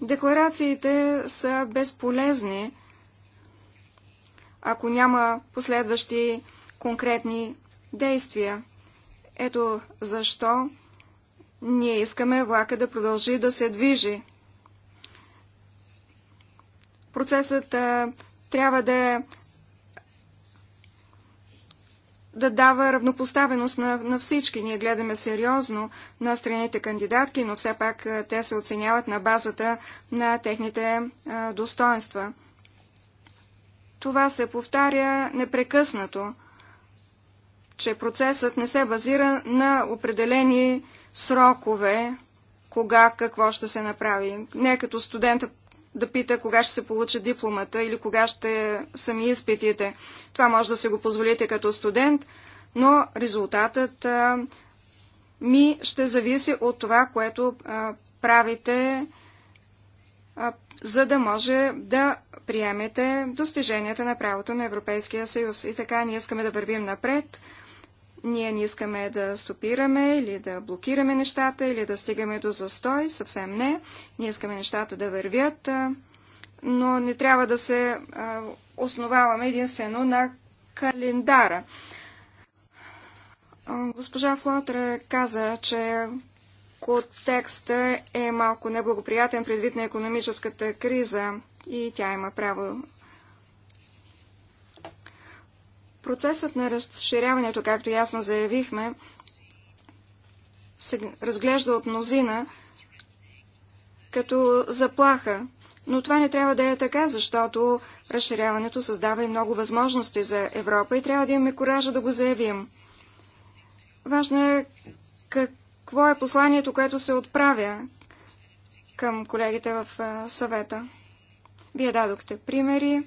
Декларациите са безполезни, ако няма последващи конкретни действия. Ето защо ние искаме влака да продължи да се движи. Процесът трябва да е да дава равнопоставеност на, на всички. Ние гледаме сериозно на страните кандидатки, но все пак те се оценяват на базата на техните а, достоинства. Това се повтаря непрекъснато, че процесът не се базира на определени срокове, кога какво ще се направи. Не е като студента да пита кога ще се получи дипломата или кога ще са ми изпитите. Това може да се го позволите като студент, но резултатът а, ми ще зависи от това, което а, правите, а, за да може да приемете достиженията на правото на Европейския съюз. И така ние искаме да вървим напред ние не искаме да стопираме или да блокираме нещата, или да стигаме до застой, съвсем не. Ние искаме нещата да вървят, но не трябва да се основаваме единствено на календара. Госпожа Флотре каза, че контекстът е малко неблагоприятен предвид на економическата криза и тя има право Процесът на разширяването, както ясно заявихме, се разглежда от мнозина като заплаха, но това не трябва да е така, защото разширяването създава и много възможности за Европа и трябва да имаме коража да го заявим. Важно е какво е посланието, което се отправя към колегите в съвета. Вие дадохте примери.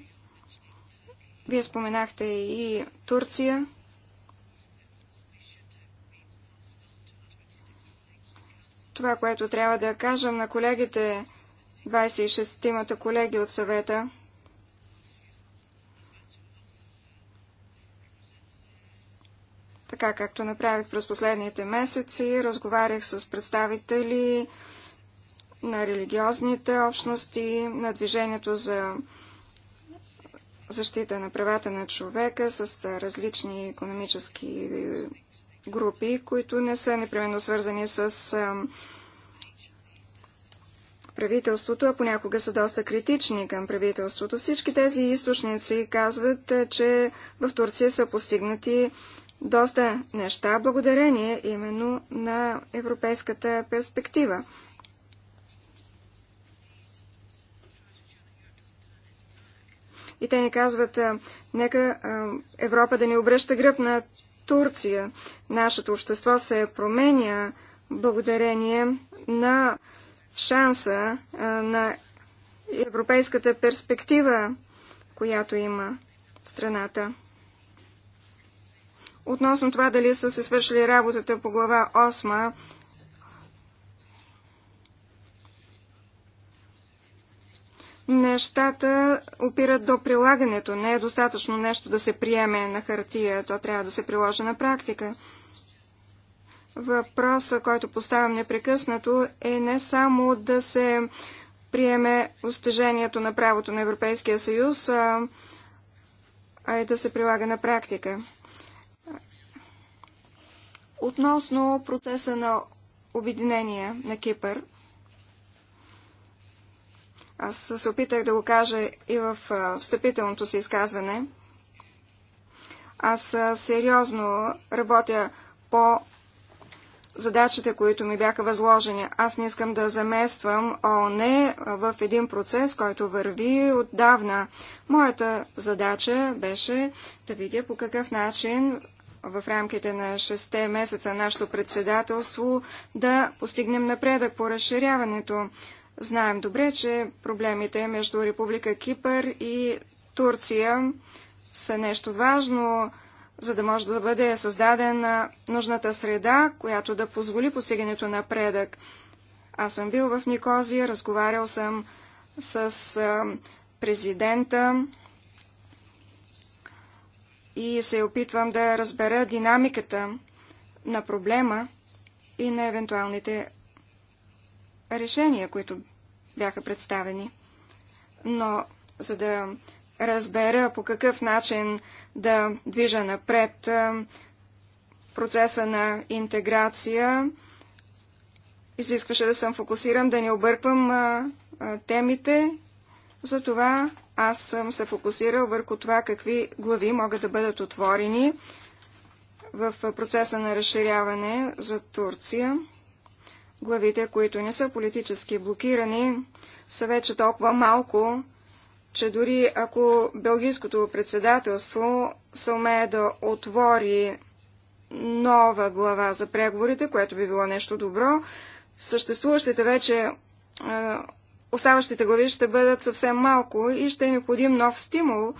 Вие споменахте и Турция. Това, което трябва да кажем на колегите, 26-тимата колеги от съвета, така както направих през последните месеци, разговарях с представители на религиозните общности, на движението за защита на правата на човека с различни економически е, групи, които не са непременно свързани с правителството, а понякога са доста критични към правителството. Всички тези източници казват, че в Турция са постигнати доста неща благодарение именно на европейската перспектива. И те ни казват, нека Европа да ни обръща гръб на Турция. Нашето общество се променя благодарение на шанса на европейската перспектива, която има страната. Относно това дали са се свършили работата по глава 8, нещата опират до прилагането. Не е достатъчно нещо да се приеме на хартия, то трябва да се приложи на практика. Въпросът, който поставям непрекъснато, е не само да се приеме устежението на правото на Европейския съюз, а, а и да се прилага на практика. Относно процеса на обединение на Кипър, аз се опитах да го кажа и в встъпителното си изказване. Аз сериозно работя по задачите, които ми бяха възложени. Аз не искам да замествам ООН в един процес, който върви отдавна. Моята задача беше да видя по какъв начин в рамките на 6 месеца нашето председателство да постигнем напредък по разширяването. Знаем добре, че проблемите между Република Кипър и Турция са нещо важно, за да може да бъде създадена нужната среда, която да позволи постигането на предък. Аз съм бил в Никозия, разговарял съм с президента и се опитвам да разбера динамиката на проблема и на евентуалните решения, които бяха представени. Но за да разбера по какъв начин да движа напред процеса на интеграция, изискваше да съм фокусиран, да не обърквам темите. Затова аз съм се фокусирал върху това какви глави могат да бъдат отворени в процеса на разширяване за Турция. Главите, които не са политически блокирани, са вече толкова малко, че дори ако Белгийското председателство се умее да отвори нова глава за преговорите, което би било нещо добро, съществуващите вече е, оставащите глави ще бъдат съвсем малко и ще е необходим нов стимул.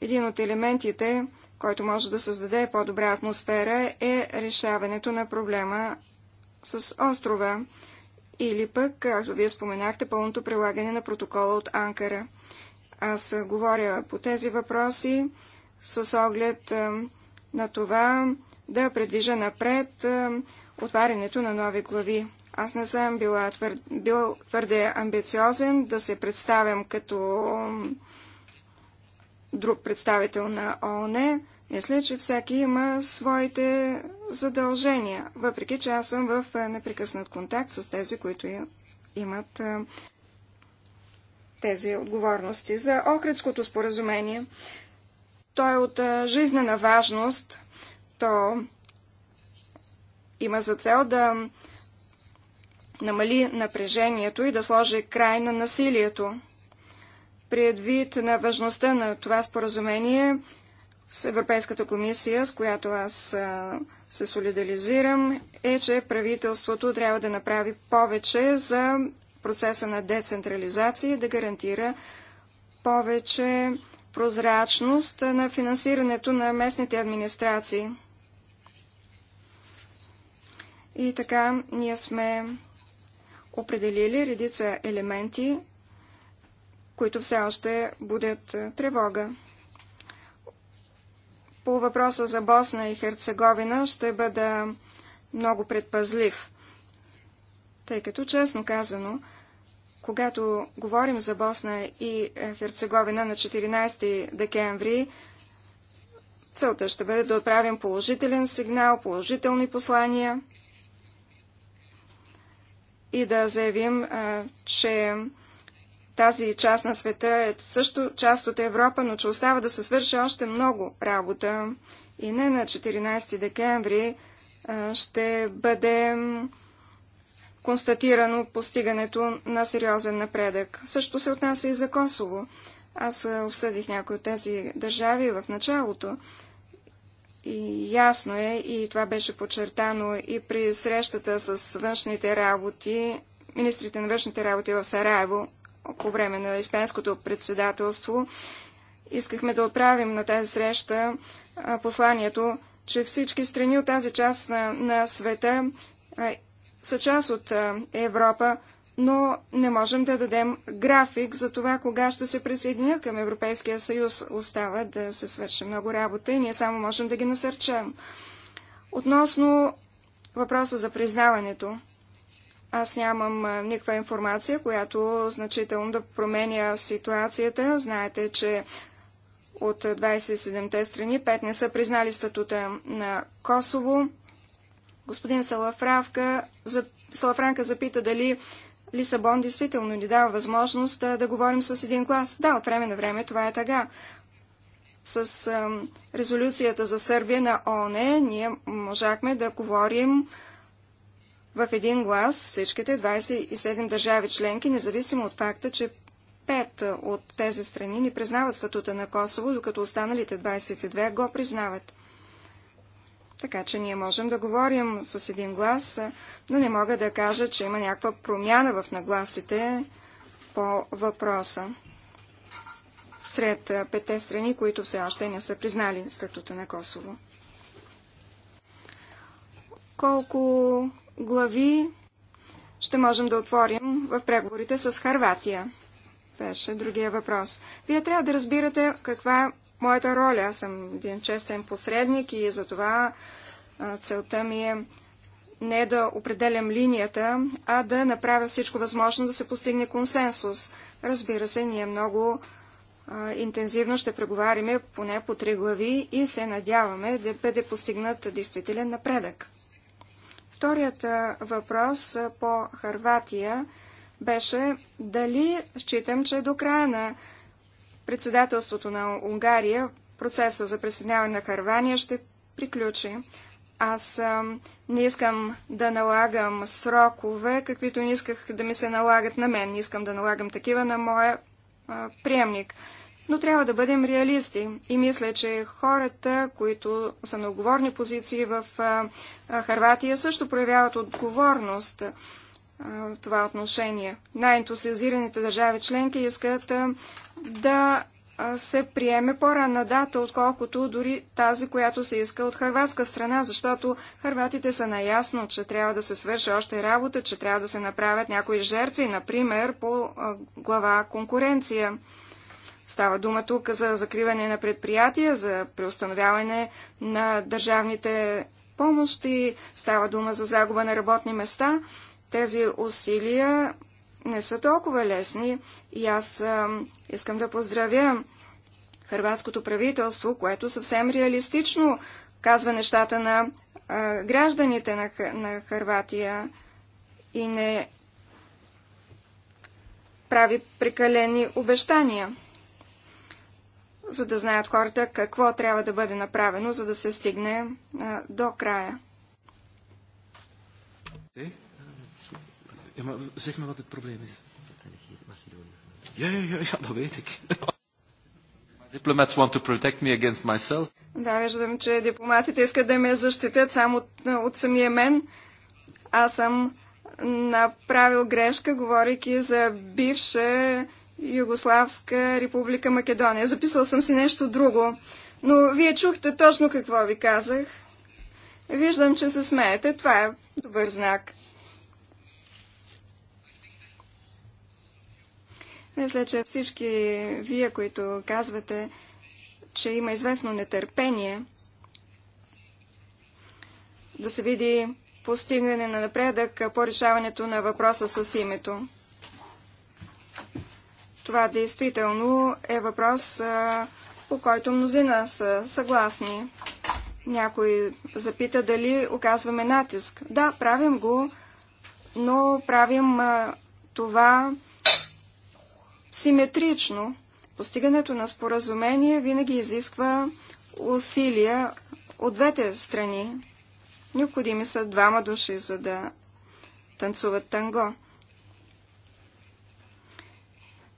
Един от елементите, който може да създаде по-добра атмосфера, е решаването на проблема с острова или пък, както вие споменахте, пълното прилагане на протокола от Анкара. Аз говоря по тези въпроси с оглед на това да предвижа напред отварянето на нови глави. Аз не съм била твърд, бил твърде амбициозен да се представям като друг представител на ООН. Мисля, че всеки има своите задължения, въпреки че аз съм в е, непрекъснат контакт с тези, които имат е, тези отговорности. За Охридското споразумение, то е от е, жизнена важност, то има за цел да намали напрежението и да сложи край на насилието. Предвид на важността на това споразумение, с Европейската комисия, с която аз се солидаризирам, е, че правителството трябва да направи повече за процеса на децентрализация и да гарантира повече прозрачност на финансирането на местните администрации. И така ние сме определили редица елементи, които все още будят тревога. По въпроса за Босна и Херцеговина ще бъда много предпазлив, тъй като, честно казано, когато говорим за Босна и е, Херцеговина на 14 декември, целта ще бъде да отправим положителен сигнал, положителни послания и да заявим, е, че тази част на света е също част от Европа, но че остава да се свърши още много работа. И не на 14 декември ще бъде констатирано постигането на сериозен напредък. Също се отнася и за Косово. Аз обсъдих някои от тези държави в началото. И ясно е, и това беше подчертано и при срещата с външните работи, министрите на външните работи в Сараево по време на Испанското председателство. Искахме да отправим на тази среща посланието, че всички страни от тази част на, на света са част от Европа, но не можем да дадем график за това, кога ще се присъединят към Европейския съюз. Остава да се свърши много работа и ние само можем да ги насърчаем. Относно въпроса за признаването. Аз нямам никаква информация, която значително да променя ситуацията. Знаете, че от 27-те страни, 5 не са признали статута на Косово. Господин Салафранка, за... Салафранка запита дали Лисабон действително ни дава възможност да, да говорим с един глас. Да, от време на време това е така. С а, резолюцията за Сърбия на ОНЕ, ние можахме да говорим в един глас всичките 27 държави членки, независимо от факта, че пет от тези страни не признават статута на Косово, докато останалите 22 го признават. Така че ние можем да говорим с един глас, но не мога да кажа, че има някаква промяна в нагласите по въпроса сред петте страни, които все още не са признали статута на Косово. Колко глави ще можем да отворим в преговорите с Харватия? Беше другия въпрос. Вие трябва да разбирате каква е моята роля. Аз съм един честен посредник и за това целта ми е не да определям линията, а да направя всичко възможно да се постигне консенсус. Разбира се, ние много а, интензивно ще преговаряме поне по три глави и се надяваме да бъде постигнат действителен напредък. Вторият въпрос по Харватия беше дали считам, че до края на председателството на Унгария процеса за присъединяване на Харвания ще приключи. Аз не искам да налагам срокове, каквито не исках да ми се налагат на мен. Не искам да налагам такива на моя приемник. Но трябва да бъдем реалисти и мисля, че хората, които са на отговорни позиции в Харватия, също проявяват отговорност в това отношение. Най-ентусиазираните държави членки искат да се приеме по-ранна дата, отколкото дори тази, която се иска от хърватска страна, защото харватите са наясно, че трябва да се свърши още работа, че трябва да се направят някои жертви, например по глава конкуренция. Става дума тук за закриване на предприятия, за преустановяване на държавните помощи, става дума за загуба на работни места. Тези усилия не са толкова лесни и аз искам да поздравя хрватското правителство, което съвсем реалистично казва нещата на гражданите на, Хърватия и не прави прекалени обещания за да знаят хората какво трябва да бъде направено, за да се стигне а, до края. Ja, zeg maar wat het probleem is. Ja, ja, ja, ja, dat weet ik. Diplomats want to protect me against myself. Да, виждам, че дипломатите искат да ме защитят само от, от самия мен. Аз съм направил грешка, говорейки за бивше Югославска република Македония. Записал съм си нещо друго, но вие чухте точно какво ви казах. Виждам, че се смеете. Това е добър знак. Мисля, че всички вие, които казвате, че има известно нетърпение да се види постигане на напредък по решаването на въпроса с името. Това действително е въпрос, по който мнозина са съгласни. Някой запита дали оказваме натиск. Да, правим го, но правим това симетрично. Постигането на споразумение винаги изисква усилия от двете страни. Необходими са двама души, за да танцуват танго.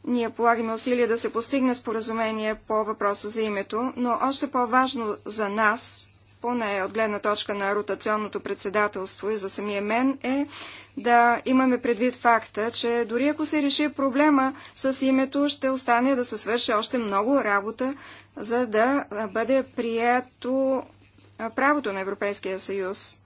Ние полагаме усилия да се постигне споразумение по въпроса за името, но още по-важно за нас, поне от гледна точка на ротационното председателство и за самия мен, е да имаме предвид факта, че дори ако се реши проблема с името, ще остане да се свърши още много работа, за да бъде прието правото на Европейския съюз.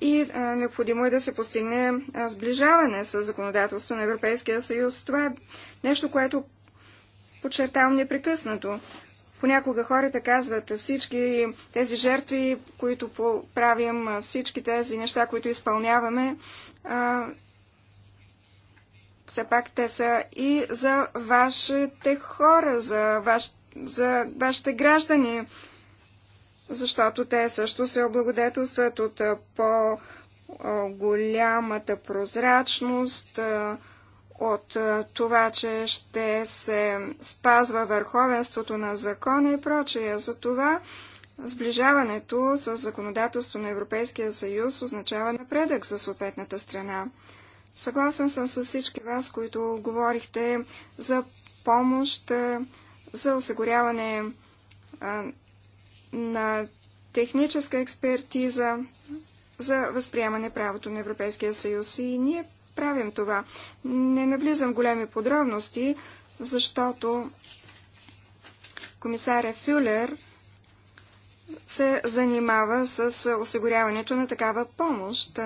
и а, необходимо е да се постигне а, сближаване с законодателство на Европейския съюз. Това е нещо, което подчертавам непрекъснато. Понякога хората казват всички тези жертви, които правим, всички тези неща, които изпълняваме, а, все пак те са и за вашите хора, за, ваш, за вашите граждани защото те също се облагодетелстват от по-голямата прозрачност, от това, че ще се спазва върховенството на закона и прочее. За това сближаването с законодателство на Европейския съюз означава напредък за съответната страна. Съгласен съм с всички вас, които говорихте за помощ, за осигуряване на техническа експертиза за възприемане правото на Европейския съюз. И ние правим това. Не навлизам в големи подробности, защото комисаря Фюлер се занимава с осигуряването на такава помощ.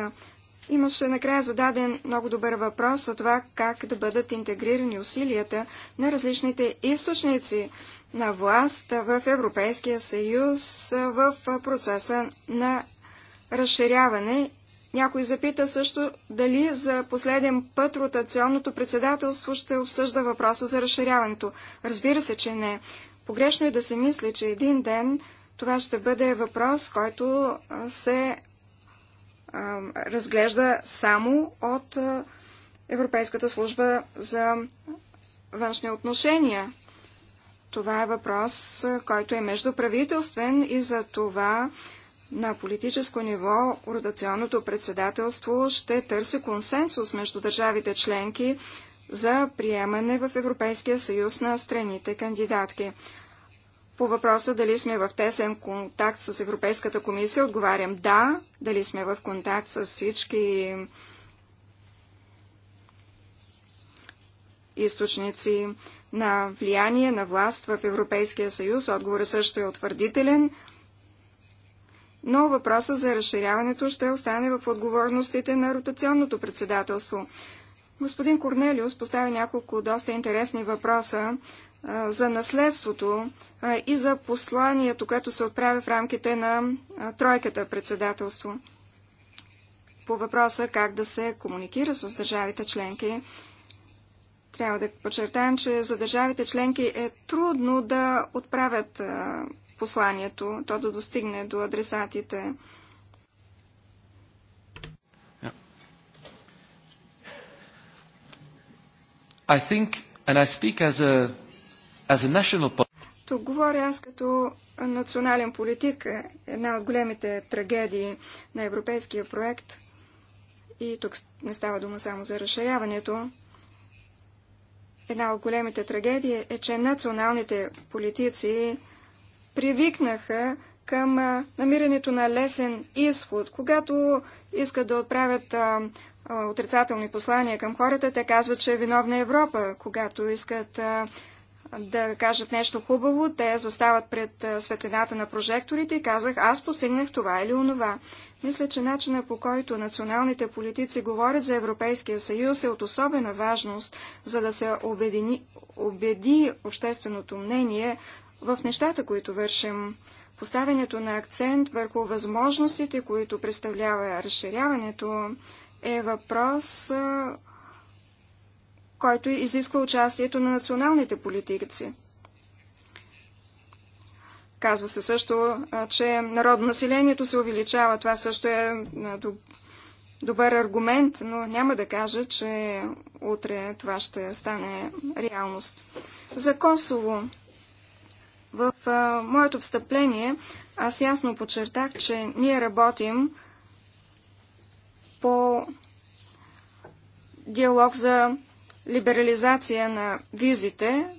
Имаше накрая зададен много добър въпрос за това как да бъдат интегрирани усилията на различните източници на власт в Европейския съюз в процеса на разширяване. Някой запита също дали за последен път ротационното председателство ще обсъжда въпроса за разширяването. Разбира се, че не. Погрешно е да се мисли, че един ден това ще бъде въпрос, който се а, разглежда само от Европейската служба за външни отношения. Това е въпрос, който е междуправителствен и за това на политическо ниво ротационното председателство ще търси консенсус между държавите членки за приемане в Европейския съюз на страните кандидатки. По въпроса дали сме в тесен контакт с Европейската комисия, отговарям да. Дали сме в контакт с всички източници на влияние, на власт в Европейския съюз. Отговорът също е утвърдителен, но въпросът за разширяването ще остане в отговорностите на ротационното председателство. Господин Корнелиус постави няколко доста интересни въпроса за наследството и за посланието, което се отправя в рамките на тройката председателство. По въпроса как да се комуникира с държавите членки трябва да подчертаем, че за държавите членки е трудно да отправят посланието, то да достигне до адресатите. I think, and I speak as a, as a national Тук говоря аз като национален политик, е една от големите трагедии на европейския проект. И тук не става дума само за разширяването. Една от големите трагедии е, че националните политици привикнаха към намирането на лесен изход. Когато искат да отправят а, а, отрицателни послания към хората, те казват, че е виновна Европа. Когато искат а, да кажат нещо хубаво, те застават пред светлината на прожекторите и казах, аз постигнах това или онова. Мисля, че начина по който националните политици говорят за Европейския съюз е от особена важност, за да се обедини, убеди общественото мнение в нещата, които вършим. Поставянето на акцент върху възможностите, които представлява разширяването, е въпрос, който изисква участието на националните политици. Казва се също, че народно населението се увеличава. Това също е добър аргумент, но няма да кажа, че утре това ще стане реалност. За Косово. В моето встъпление аз ясно подчертах, че ние работим по диалог за либерализация на визите,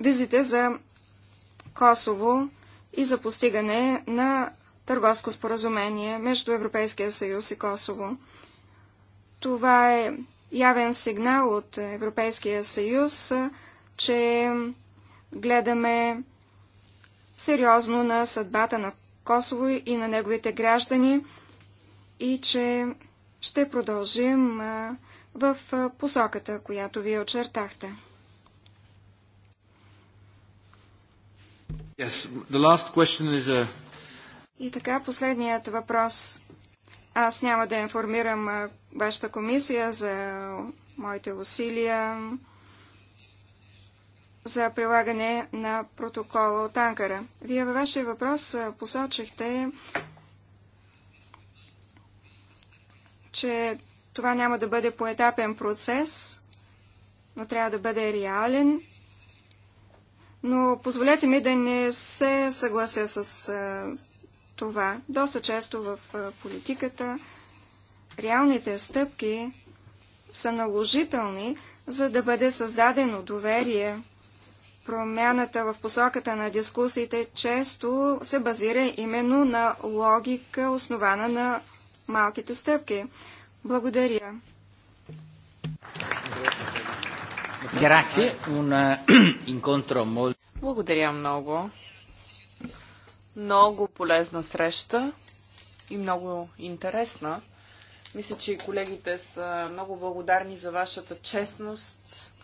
визите за Косово и за постигане на търговско споразумение между Европейския съюз и Косово. Това е явен сигнал от Европейския съюз, че гледаме сериозно на съдбата на Косово и на неговите граждани и че ще продължим в посоката, която вие очертахте. Yes, the last question is a... И така, последният въпрос. Аз няма да информирам вашата комисия за моите усилия за прилагане на протокола от Анкара. Вие във вашия въпрос посочихте, че това няма да бъде поетапен процес, но трябва да бъде реален. Но позволете ми да не се съглася с а, това. Доста често в а, политиката реалните стъпки са наложителни, за да бъде създадено доверие. Промяната в посоката на дискусиите често се базира именно на логика, основана на малките стъпки. Благодаря. Э, Благодаря много. Много полезна среща и много интересна. Мисля, че колегите са много благодарни за вашата честност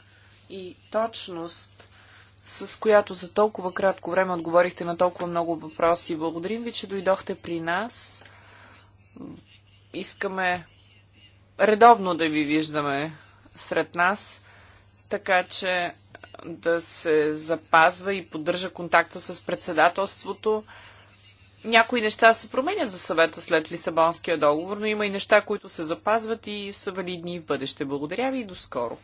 и точност, с която за толкова кратко време отговорихте на толкова много въпроси. Благодарим ви, че дойдохте при нас. Искаме редовно да ви виждаме сред нас, така че да се запазва и поддържа контакта с председателството. Някои неща се променят за съвета след Лисабонския договор, но има и неща, които се запазват и са валидни в бъдеще. Благодаря ви и до скоро!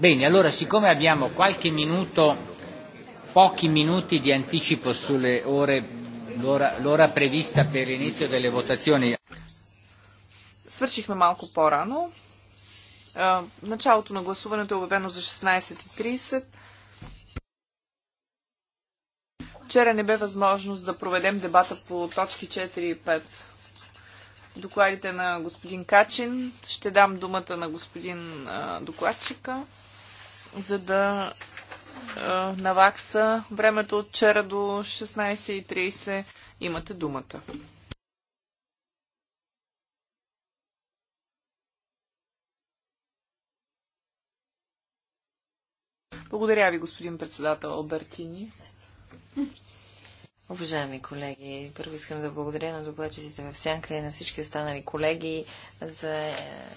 Bene, allora siccome abbiamo qualche minuto, pochi minuti di anticipo sulle ore, l'ora, l'ora prevista per l'inizio delle votazioni. Svrcihme малко по-рано. Началото на гласуването е обявено за 16.30. Вчера не бе възможност да проведем дебата по точки 4 и 5 докладите на господин Качин. Ще дам думата на господин а, докладчика за да а, навакса времето от вчера до 16.30. Имате думата. Благодаря ви, господин председател Албертини. Уважаеми колеги, първо искам да благодаря на докладчиците в Сянка и на всички останали колеги за е,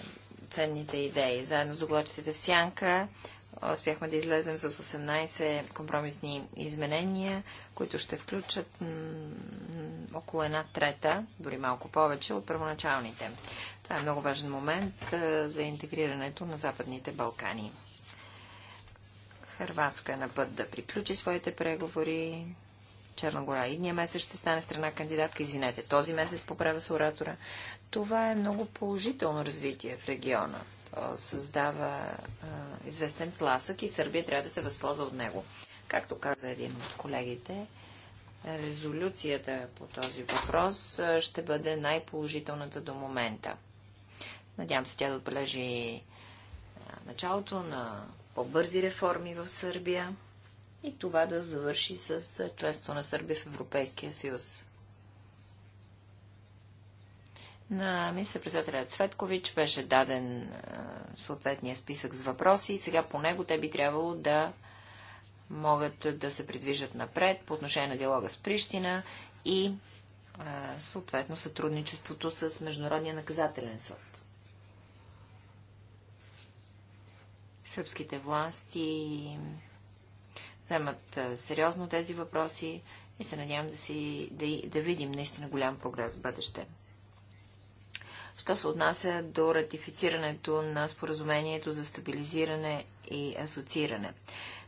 ценните идеи. Заедно с докладчиците в Сянка успяхме да излезем с 18 компромисни изменения, които ще включат около една трета, дори малко повече от първоначалните. Това е много важен момент за интегрирането на Западните Балкани. Хрватска е на път да приключи своите преговори. Черна гора идния месец ще стане страна кандидатка. Извинете, този месец поправя се оратора. Това е много положително развитие в региона създава известен тласък и Сърбия трябва да се възползва от него. Както каза един от колегите, резолюцията по този въпрос ще бъде най-положителната до момента. Надявам се тя да отбележи началото на по-бързи реформи в Сърбия и това да завърши с членство на Сърбия в Европейския съюз на министър-председателя Цветкович беше даден съответния списък с въпроси и сега по него те би трябвало да могат да се придвижат напред по отношение на диалога с Прищина и съответно сътрудничеството с Международния наказателен съд. Сръбските власти вземат сериозно тези въпроси и се надявам да, си, да, да видим наистина голям прогрес в бъдеще що се отнася до ратифицирането на споразумението за стабилизиране и асоцииране.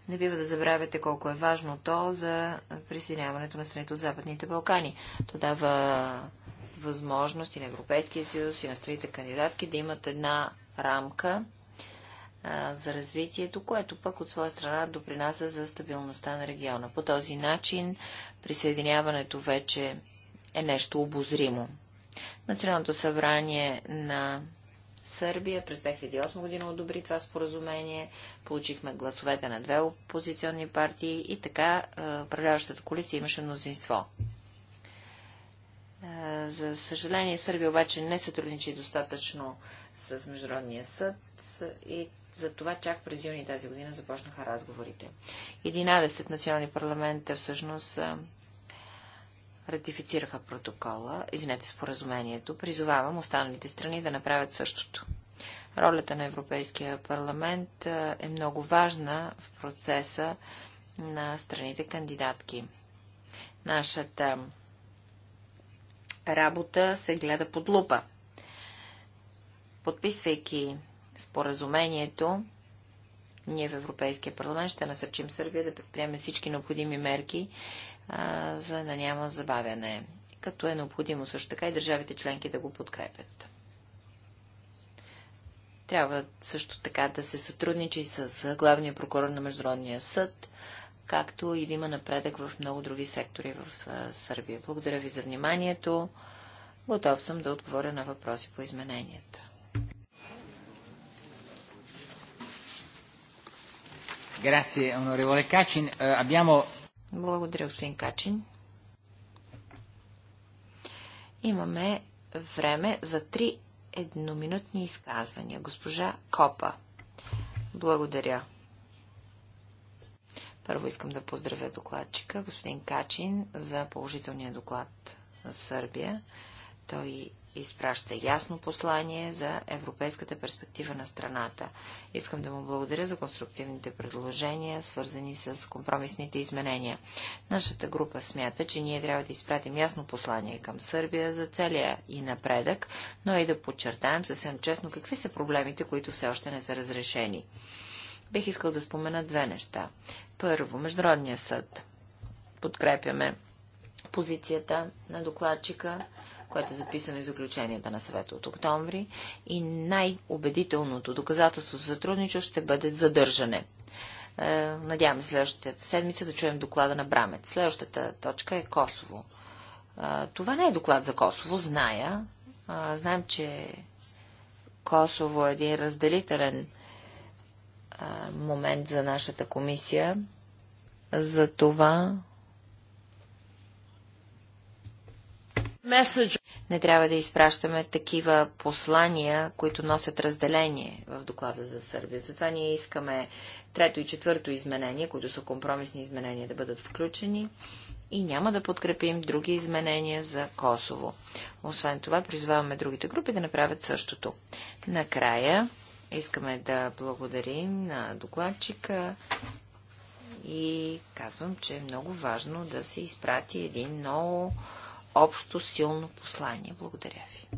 Не бива да забравяте колко е важно то за присъединяването на страните от Западните Балкани. То дава възможност и на Европейския съюз, и на страните кандидатки да имат една рамка за развитието, което пък от своя страна допринася за стабилността на региона. По този начин присъединяването вече е нещо обозримо. Националното събрание на Сърбия през 2008 година одобри това споразумение, получихме гласовете на две опозиционни партии и така управляващата коалиция имаше мнозинство. За съжаление, Сърбия обаче не сътрудничи достатъчно с Международния съд и за това чак през юни тази година започнаха разговорите. 11 национални парламента всъщност ратифицираха протокола, извинете споразумението, призовавам останалите страни да направят същото. Ролята на Европейския парламент е много важна в процеса на страните кандидатки. Нашата работа се гледа под лупа. Подписвайки споразумението, ние в Европейския парламент ще насърчим Сърбия да предприеме всички необходими мерки за да няма забавяне, като е необходимо също така и държавите членки да го подкрепят. Трябва също така да се сътрудничи с главния прокурор на Международния съд, както и да има напредък в много други сектори в Сърбия. Благодаря ви за вниманието. Готов съм да отговоря на въпроси по измененията. Grazie onorevole Cacin. Eh, abbiamo благодаря, господин Качин. Имаме време за три едноминутни изказвания. Госпожа Копа. Благодаря. Първо искам да поздравя докладчика, господин Качин, за положителния доклад на Сърбия. Той изпраща ясно послание за европейската перспектива на страната. Искам да му благодаря за конструктивните предложения, свързани с компромисните изменения. Нашата група смята, че ние трябва да изпратим ясно послание към Сърбия за целия и напредък, но и да подчертаем съвсем честно какви са проблемите, които все още не са разрешени. Бих искал да спомена две неща. Първо, Международния съд. Подкрепяме позицията на докладчика което е записано и заключенията на съвета от октомври. И най-убедителното доказателство за сътрудничество ще бъде задържане. Е, надяваме следващата седмица да чуем доклада на Брамет. Следващата точка е Косово. Е, това не е доклад за Косово, зная. Е, знаем, че Косово е един разделителен момент за нашата комисия. За това Не трябва да изпращаме такива послания, които носят разделение в доклада за Сърбия. Затова ние искаме трето и четвърто изменение, които са компромисни изменения, да бъдат включени и няма да подкрепим други изменения за Косово. Освен това, призваваме другите групи да направят същото. Накрая искаме да благодарим на докладчика и казвам, че е много важно да се изпрати един много общо силно послание. Благодаря ви.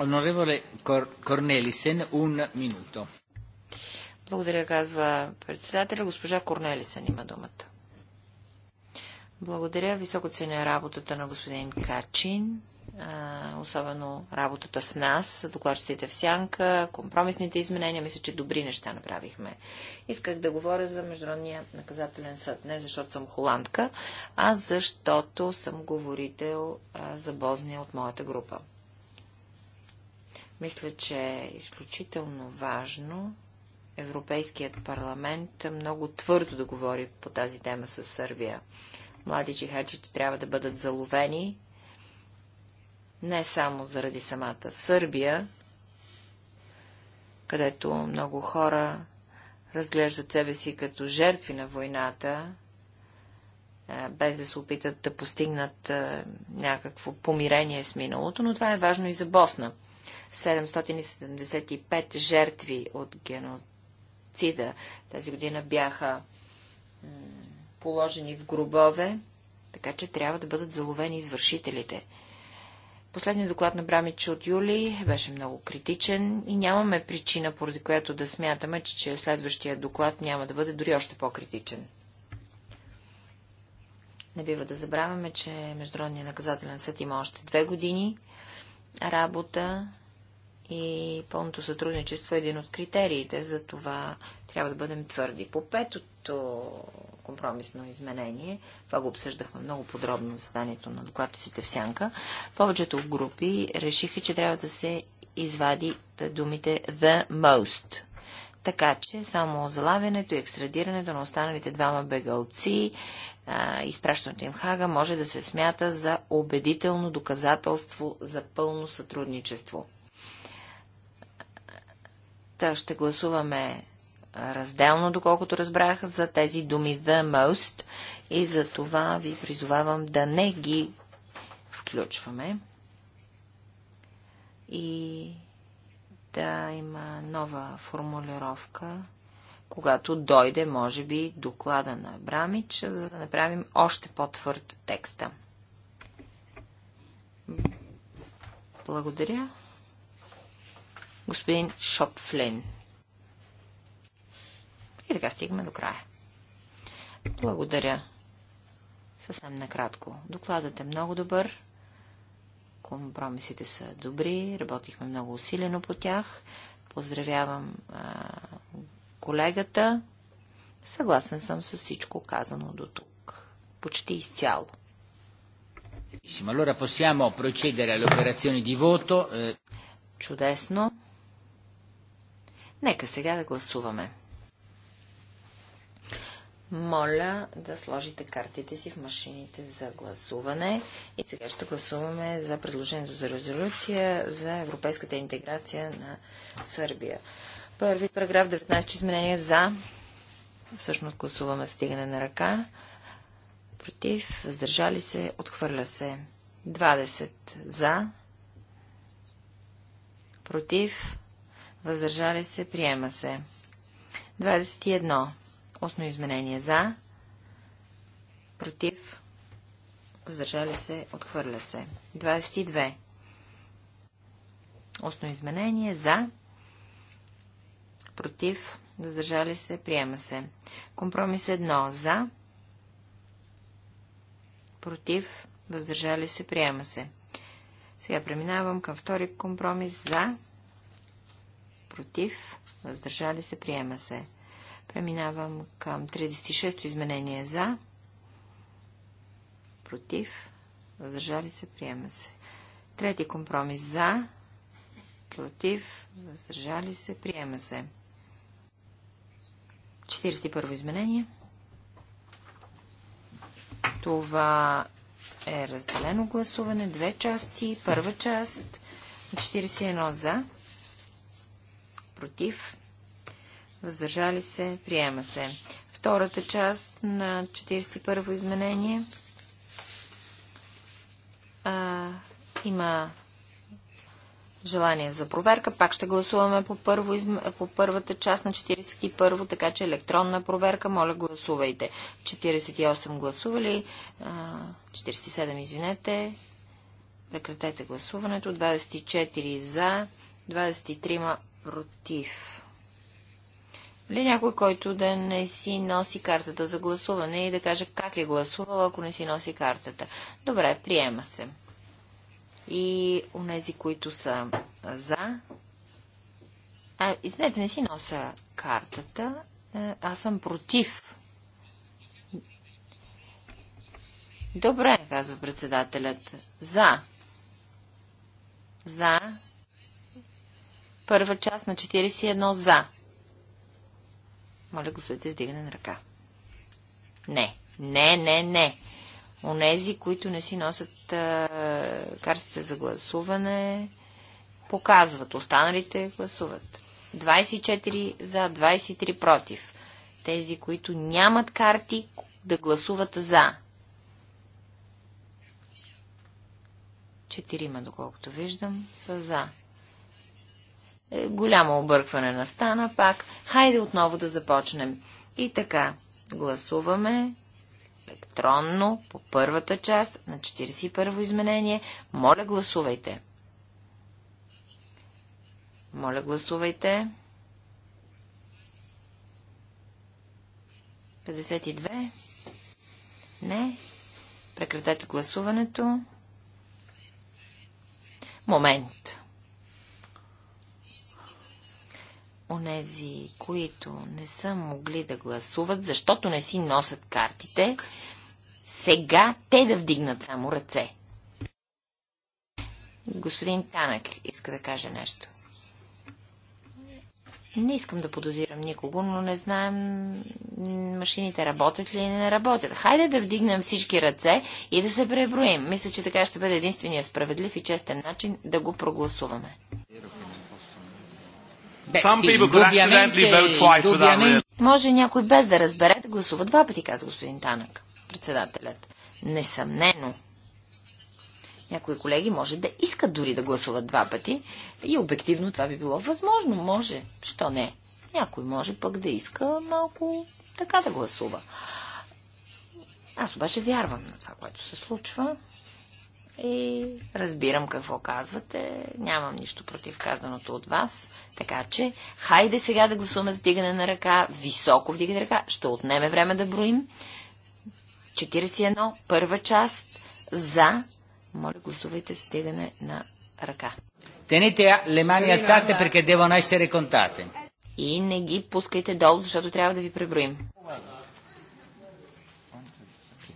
Онореволе Корнелисен, un минуто. Благодаря, казва председателя. Госпожа Корнелисен има думата. Благодаря. Високо ценя работата на господин Качин особено работата с нас, докладчиците в сянка, компромисните изменения. Мисля, че добри неща направихме. Исках да говоря за Международния наказателен съд. Не защото съм холандка, а защото съм говорител за Бозния от моята група. Мисля, че е изключително важно Европейският парламент много твърдо да говори по тази тема с Сърбия. Млади чихачи трябва да бъдат заловени не само заради самата Сърбия, където много хора разглеждат себе си като жертви на войната, е, без да се опитат да постигнат е, някакво помирение с миналото, но това е важно и за Босна. 775 жертви от геноцида тази година бяха положени в гробове, така че трябва да бъдат заловени извършителите – Последният доклад на Брамич от юли беше много критичен и нямаме причина, поради която да смятаме, че, че следващия доклад няма да бъде дори още по-критичен. Не бива да забравяме, че Международният наказателен съд има още две години работа и пълното сътрудничество е един от критериите, за това трябва да бъдем твърди. По петото компромисно изменение. Това го обсъждахме много подробно за станието на докладчиците в Сянка. Повечето групи решиха, че трябва да се извади думите the most. Така че само залавянето и екстрадирането на останалите двама бегалци, изпращането им в Хага, може да се смята за убедително доказателство за пълно сътрудничество. Та ще гласуваме разделно, доколкото разбрах, за тези думи the most и за това ви призовавам да не ги включваме и да има нова формулировка, когато дойде, може би, доклада на Брамич, за да направим още по-твърд текста. Благодаря. Господин Шопфлин. И така стигаме до края. Благодаря. Съвсем накратко. Докладът е много добър. Компромисите са добри. Работихме много усилено по тях. Поздравявам а, колегата. Съгласен съм с всичко казано до тук. Почти изцяло. Allora possiamo procedere alle operazioni di voto. Eh. Чудесно. Нека сега да гласуваме. Моля да сложите картите си в машините за гласуване. И сега ще гласуваме за предложението за резолюция за европейската интеграция на Сърбия. Първи параграф 19 изменение за. Всъщност гласуваме стигане на ръка. Против. Въздържали се. Отхвърля се. 20 за. Против. Въздържали се. Приема се. 21 Осно изменение за, против, въздържали се, отхвърля се. 22. Осно изменение за, против, въздържали се, приема се. Компромис 1 за, против, въздържали се, приема се. Сега преминавам към втори компромис за, против, въздържали се, приема се. Преминавам към 36-то изменение за, против, въздържали се, приема се. Трети компромис за, против, въздържали се, приема се. 41 изменение. Това е разделено гласуване. Две части. Първа част. 41 за. Против въздържали се, приема се. Втората част на 41-во изменение а, има желание за проверка. Пак ще гласуваме по, първо, по първата част на 41-во, така че електронна проверка. Моля, гласувайте. 48 гласували, 47 извинете. Прекратете гласуването. 24 за, 23 против ли някой, който да не си носи картата за гласуване и да каже как е гласувал, ако не си носи картата? Добре, приема се. И нези, които са за. А, извинете, не си нося картата. Е, аз съм против. Добре, казва председателят. За. За. Първа част на 41 за. Моля, гласувайте с дигане на ръка. Не, не, не, не. Онези, които не си носят а, картите за гласуване, показват. Останалите гласуват. 24 за, 23 против. Тези, които нямат карти, да гласуват за. Четирима, доколкото виждам, са за. Е, голямо объркване настана пак. Хайде отново да започнем. И така, гласуваме електронно по първата част на 41-во изменение. Моля, гласувайте. Моля, гласувайте. 52. Не. Прекратете гласуването. Момент. онези, които не са могли да гласуват, защото не си носят картите, сега те да вдигнат само ръце. Господин Танък иска да каже нещо. Не искам да подозирам никого, но не знаем машините работят ли или не работят. Хайде да вдигнем всички ръце и да се преброим. Мисля, че така ще бъде единствения справедлив и честен начин да го прогласуваме. Може някой без да разбере да гласува два пъти, каза господин Танък, председателят. Несъмнено. Някои колеги може да искат дори да гласуват два пъти и обективно това би било възможно. Може. Що не? Някой може пък да иска малко така да гласува. Аз обаче вярвам на това, което се случва. И разбирам какво казвате. Нямам нищо против казаното от вас. Така че, хайде сега да гласуваме за дигане на ръка. Високо вдигане ръка. Ще отнеме време да броим. 41, първа част. За. Моля, гласувайте с дигане на ръка. Тените le mani alzate perché devono essere contate. И не ги пускайте долу, защото трябва да ви преброим.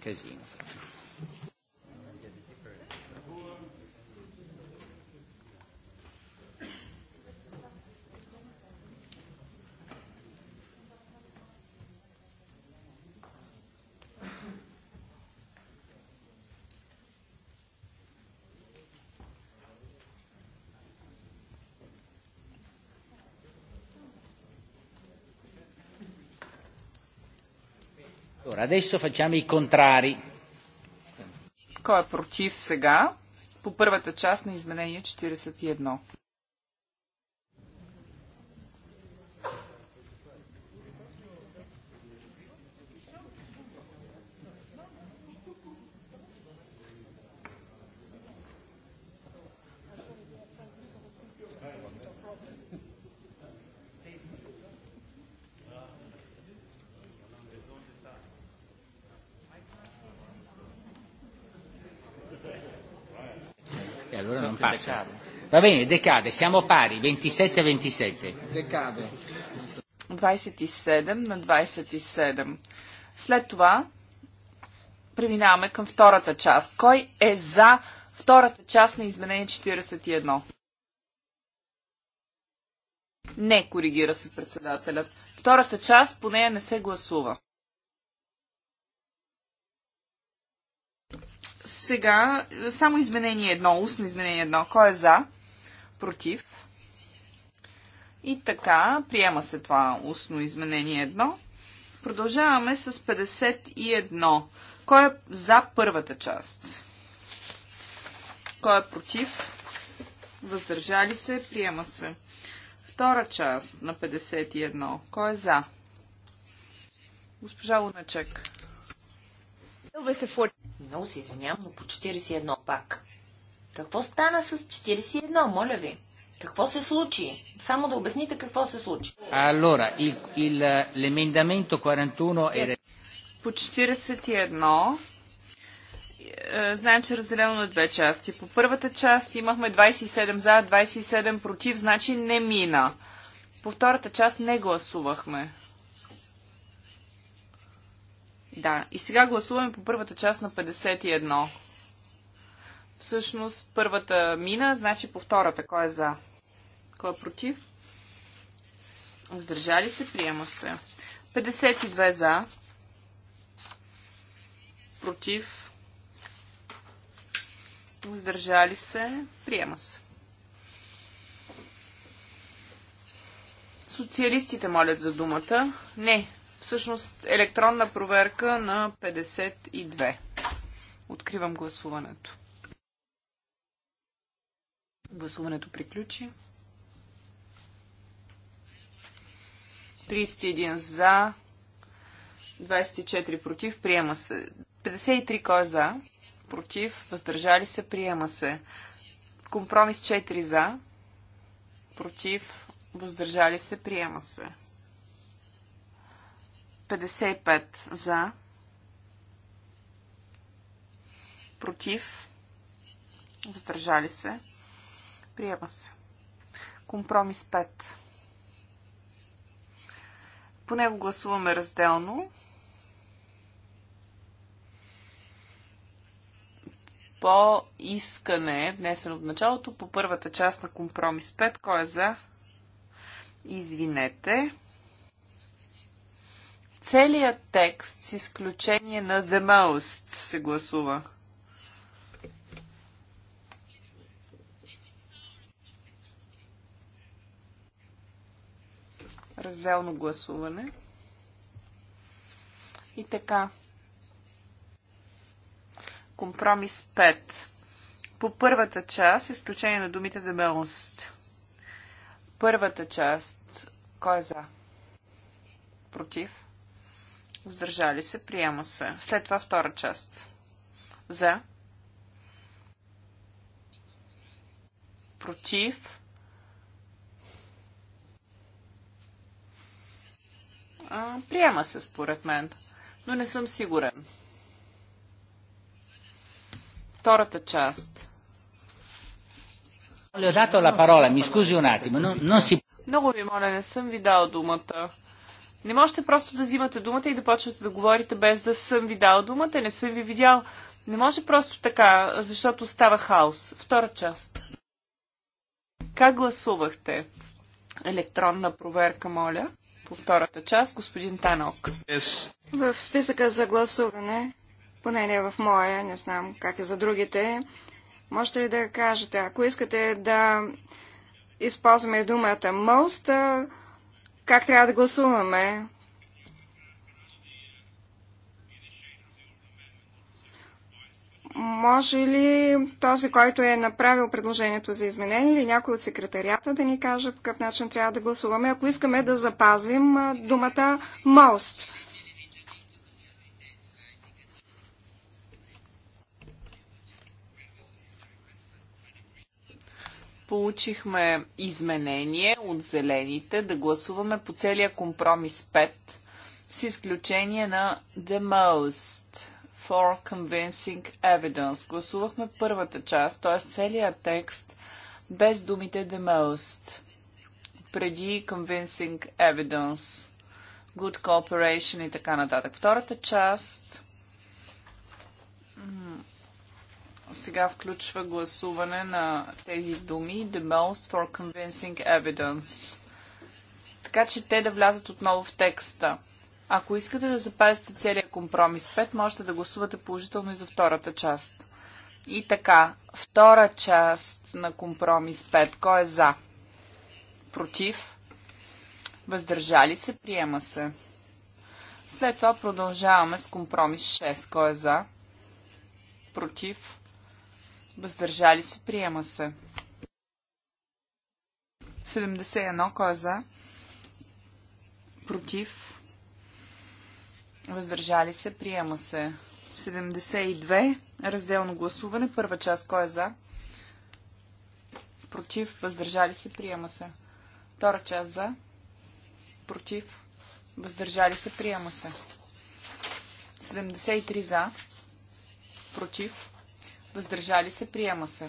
Казино. Allora, adesso facciamo i contrari. Кой е против сега? По първата част на изменение 41. non passa. Va bene, decade, siamo pari, 27 a 27. Decade. 27 на 27. След това преминаваме към втората част. Кой е за втората част на изменение 41? Не, коригира се председателят. Втората част по нея не се гласува. Сега е, само изменение едно, устно изменение едно. Кой е за? Против? И така, приема се това устно изменение едно. Продължаваме с 51. Кой е за първата част? Кой е против? Въздържали се? Приема се. Втора част на 51. Кой е за? Госпожа Луначек. Много се извинявам, но по 41 пак. Какво стана с 41, моля ви? Какво се случи? Само да обясните какво се случи. Алора, eh, l'emendamento 41 е... По е, 41 знаем, че е разделено на две части. По първата част имахме 27 за, 27 против, значи не мина. По втората част не гласувахме. Да, и сега гласуваме по първата част на 51. Всъщност, първата мина, значи по втората. Кой е за? Кой е против? Въздържали се, приема се. 52 за. Против. Въздържали се, приема се. Социалистите молят за думата. Не, Всъщност електронна проверка на 52. Откривам гласуването. Гласуването приключи. 31 за, 24 против, приема се. 53 кой е за, против, въздържали се, приема се. Компромис 4 за, против, въздържали се, приема се. 55 за, против, въздържали се, приема се. Компромис 5. По него гласуваме разделно. По искане, внесено от началото, по първата част на компромис 5, кой е за? Извинете. Целият текст с изключение на The Most се гласува. Разделно гласуване. И така. Компромис 5. По първата част, изключение на думите Most. Първата част. Кой е за? Против? Въздържали се. Приема се. След това втора част. За. Против. А, приема се, според мен. Но не съм сигурен. Втората част. Много ви моля, не съм ви дал думата. Не можете просто да взимате думата и да почвате да говорите без да съм ви дал думата, не съм ви видял. Не може просто така, защото става хаос. Втора част. Как гласувахте? Електронна проверка, моля. По втората част, господин Танок. Yes. В списъка за гласуване, поне не в моя, не знам как е за другите, можете ли да кажете, ако искате да използваме думата most, как трябва да гласуваме. Може ли този, който е направил предложението за изменение или някой от секретарията да ни каже по какъв начин трябва да гласуваме, ако искаме да запазим думата most? Получихме изменение от зелените да гласуваме по целия компромис 5, с изключение на The Most for Convincing Evidence. Гласувахме първата част, т.е. целият текст без думите The Most преди Convincing Evidence, Good Cooperation и така нататък. Втората част сега включва гласуване на тези думи The most for convincing evidence. Така че те да влязат отново в текста. Ако искате да запазите целият компромис 5, можете да гласувате положително и за втората част. И така, втора част на компромис 5. Кой е за? Против? Въздържали се? Приема се. След това продължаваме с компромис 6. Кой е за? Против? въздържали се, приема се. 71 кой е за, против, въздържали се, приема се. 72 разделно гласуване, първа част кой е за, против, въздържали се, приема се. Втора част за, против, въздържали се, приема се. 73 за, против, въздържали се, приема се.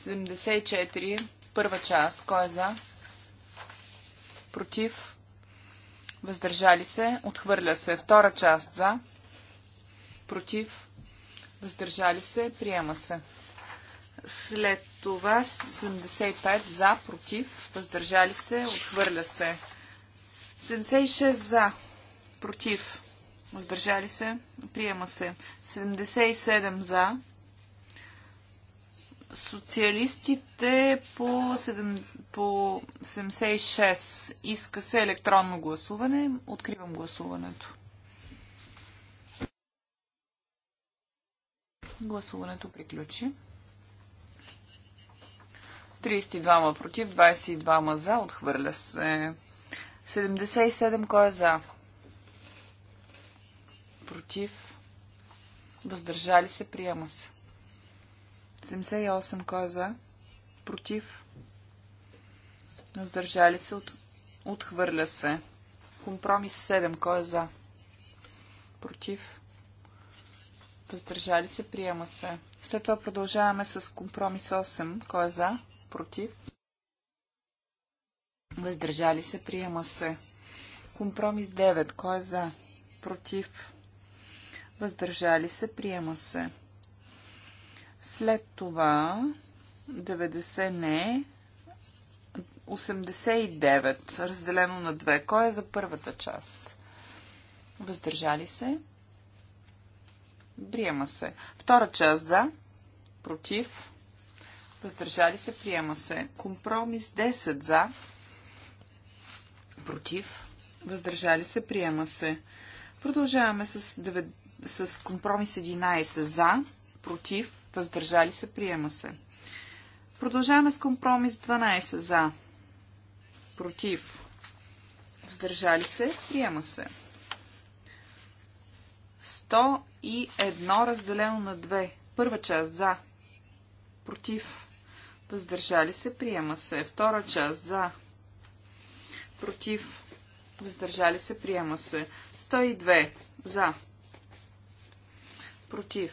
74, първа част, кой е за? Против, въздържали се, отхвърля се. Втора част, за? Против, въздържали се, приема се. След това 75 за, против, въздържали се, отхвърля се. 76 за, против, въздържали се, приема се. 77 за, социалистите по, 7, по 76 иска се електронно гласуване. Откривам гласуването. Гласуването приключи. 32 против, 22 за, отхвърля се. 77 кой е за? Против. Въздържали се, приема се. 78 кой е за? Против. Въздържали се. От... Отхвърля се. Компромис 7. Кой е за? Против. Въздържали се. Приема се. След това продължаваме с компромис 8. Кой е за? Против. Въздържали се. Приема се. Компромис 9. Кой е за? Против. Въздържали се. Приема се. След това 90 не, 89, разделено на 2. Кой е за първата част? Въздържали се? Приема се. Втора част за? Против? Въздържали се? Приема се. Компромис 10 за? Против? Въздържали се? Приема се. Продължаваме с, 9, с компромис 11 за? Против? въздържали се, приема се. Продължаваме с компромис 12 за, против, въздържали се, приема се. 101 разделено на 2. Първа част за, против, въздържали се, приема се. Втора част за, против, въздържали се, приема се. 102 за, против,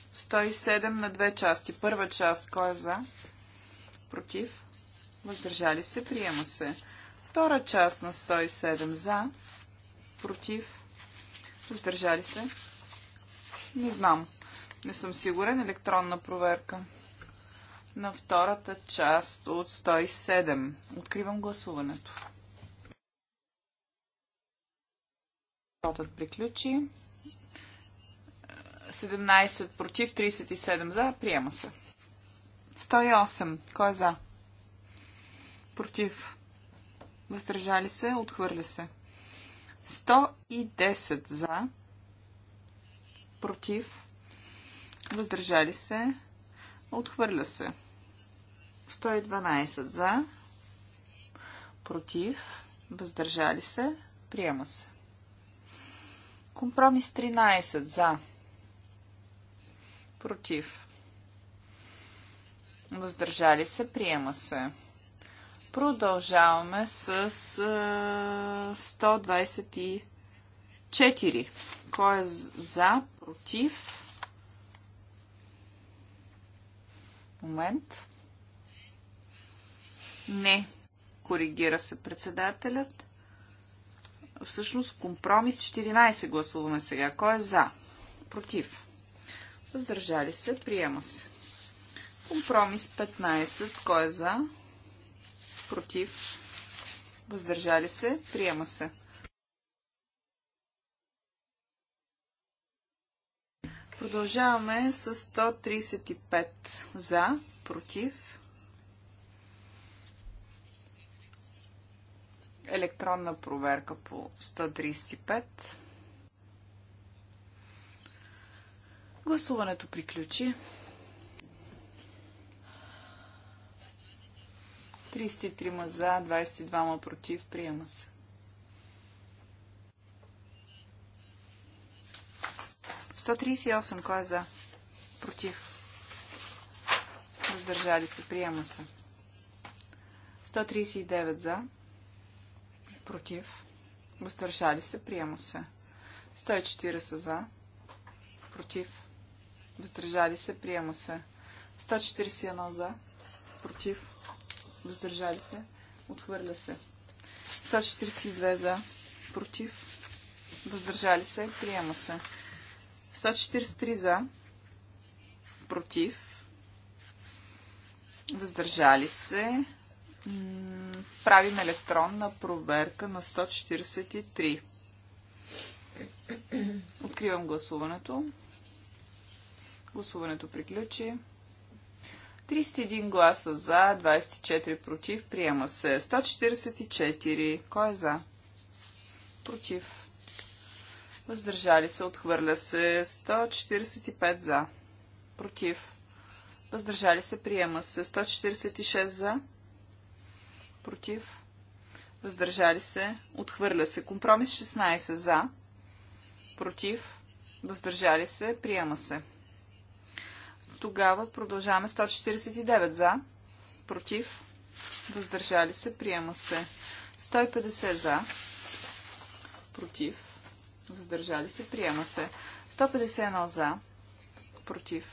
107 на две части. Първа част, кой е за? Против? Въздържали се, приема се. Втора част на 107 за, против, въздържали се. Не знам. Не съм сигурен. Електронна проверка. На втората част от 107. Откривам гласуването. Вотът приключи. 17 против, 37 за. Приема се. 108. Кой е за? Против. Въздържали се. Отхвърля се. 110 за. Против. Въздържали се. Отхвърля се. 112 за. Против. Въздържали се. Приема се. Компромис 13 за Против. Въздържали се. Приема се. Продължаваме с 124. Кой е за? Против. Момент. Не. Коригира се председателят. Всъщност компромис 14 гласуваме сега. Кой е за? Против въздържали се, приема се. Компромис 15, кой е за, против, въздържали се, приема се. Продължаваме с 135 за, против. Електронна проверка по 135. Гласуването приключи. 33 за, 22 против. Приема се. Сто тридесет осем. Кой е за? Против. Въздържали се. Приема се. 139 за. Против. Въздържали се. Приема се. 140 за. Против въздържали се, приема се. 141 за, против, въздържали се, отхвърля се. 142 за, против, въздържали се, приема се. 143 за, против, въздържали се. Правим електронна проверка на 143. Откривам гласуването. Гласуването приключи. 31 гласа за, 24 против. Приема се. 144. Кой е за? Против. Въздържали се. Отхвърля се. 145 за. Против. Въздържали се. Приема се. 146 за. Против. Въздържали се. Отхвърля се. Компромис 16 за. Против. Въздържали се. Приема се. Тогава продължаваме 149 за, против, въздържали се, приема се. 150 за, против, въздържали се, приема се. 151 за, против,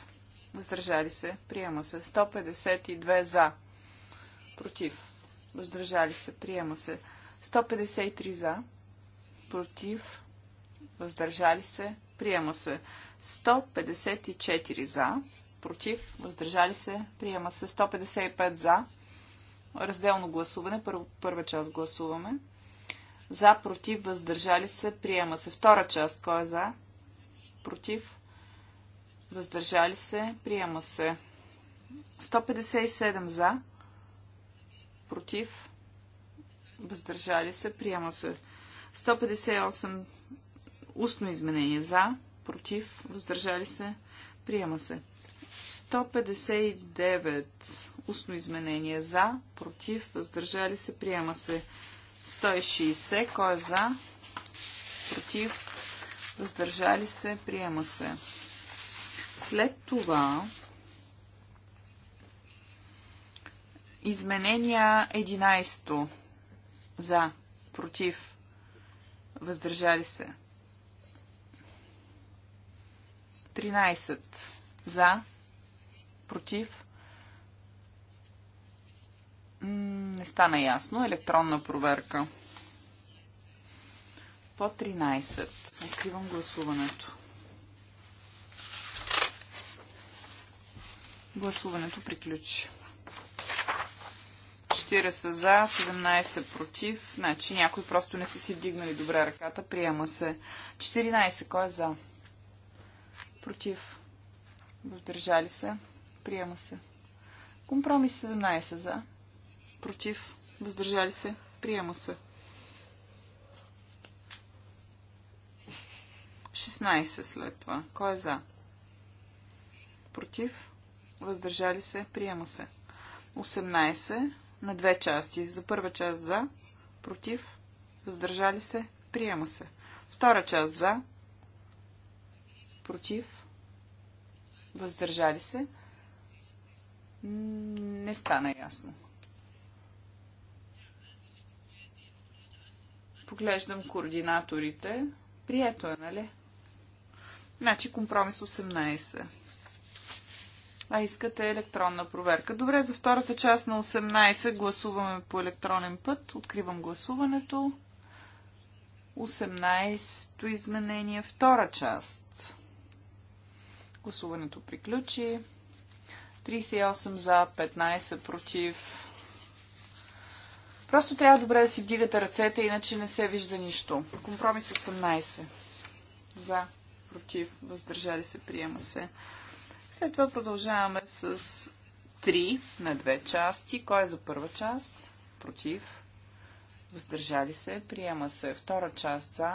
въздържали се, приема се. 152 за, против, въздържали се, приема се. 153 за, против, въздържали се, приема се. 154 за, против, въздържали се, приема се 155 за. Разделно гласуване, първа, първа част гласуваме. За, против, въздържали се, приема се втора част. Кой е за? Против, въздържали се, приема се 157 за, против, въздържали се, приема се 158 устно изменение за, против, въздържали се, приема се. 159 устно изменение за, против, въздържали се, приема се 160, кой е за, против, въздържали се, приема се. След това изменения 11 за, против, въздържали се. 13 за, против. Не стана ясно. Електронна проверка. По 13. Откривам гласуването. Гласуването приключи. 40 за, 17 против. Значи някои просто не са си вдигнали добре ръката. Приема се. 14. Кой е за? Против. Въздържали се. Приема се. Компромис 17 за. Против. Въздържали се. Приема се. 16 след това. Кой е за? Против. Въздържали се. Приема се. 18 на две части. За първа част за. Против. Въздържали се. Приема се. Втора част за. Против. Въздържали се не стана ясно. Поглеждам координаторите. Прието е, нали? Значи компромис 18. А искате електронна проверка. Добре, за втората част на 18 гласуваме по електронен път. Откривам гласуването. 18-то изменение, втора част. Гласуването приключи. 38 за, 15 против. Просто трябва добре да си вдигате ръцете, иначе не се вижда нищо. Компромис 18. За, против, въздържали се, приема се. След това продължаваме с 3 на две части. Кой е за първа част? Против. Въздържали се, приема се. Втора част за,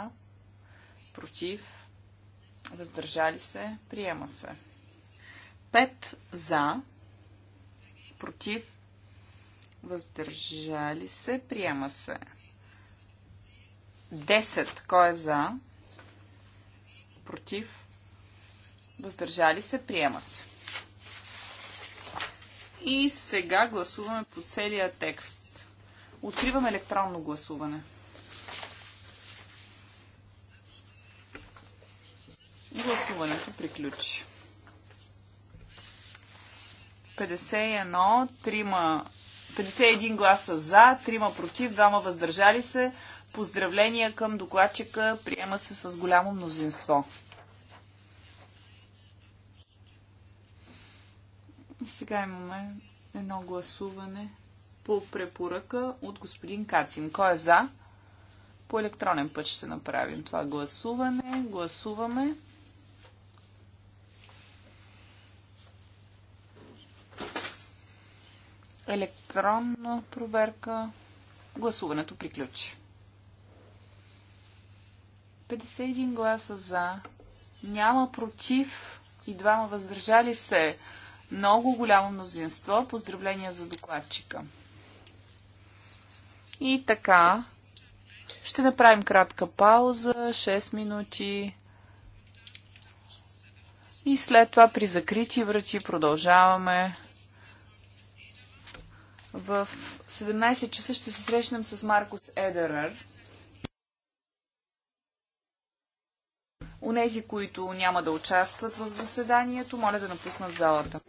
против, въздържали се, приема се. 5 за, против, въздържали се, приема се. 10, кой е за, против, въздържали се, приема се. И сега гласуваме по целия текст. Откривам електронно гласуване. Гласуването приключи. 51, 51 гласа за, 3 против, 2 въздържали се. Поздравления към докладчика. Приема се с голямо мнозинство. Сега имаме едно гласуване по препоръка от господин Кацин. Кой е за? По електронен път ще направим това гласуване. Гласуваме. Електронна проверка. Гласуването приключи. 51 гласа за, няма против и двама въздържали се. Много голямо мнозинство. Поздравления за докладчика. И така, ще направим кратка пауза, 6 минути. И след това при закрити врати продължаваме в 17 часа ще се срещнем с Маркус Едерър. Унези, които няма да участват в заседанието, моля да напуснат залата.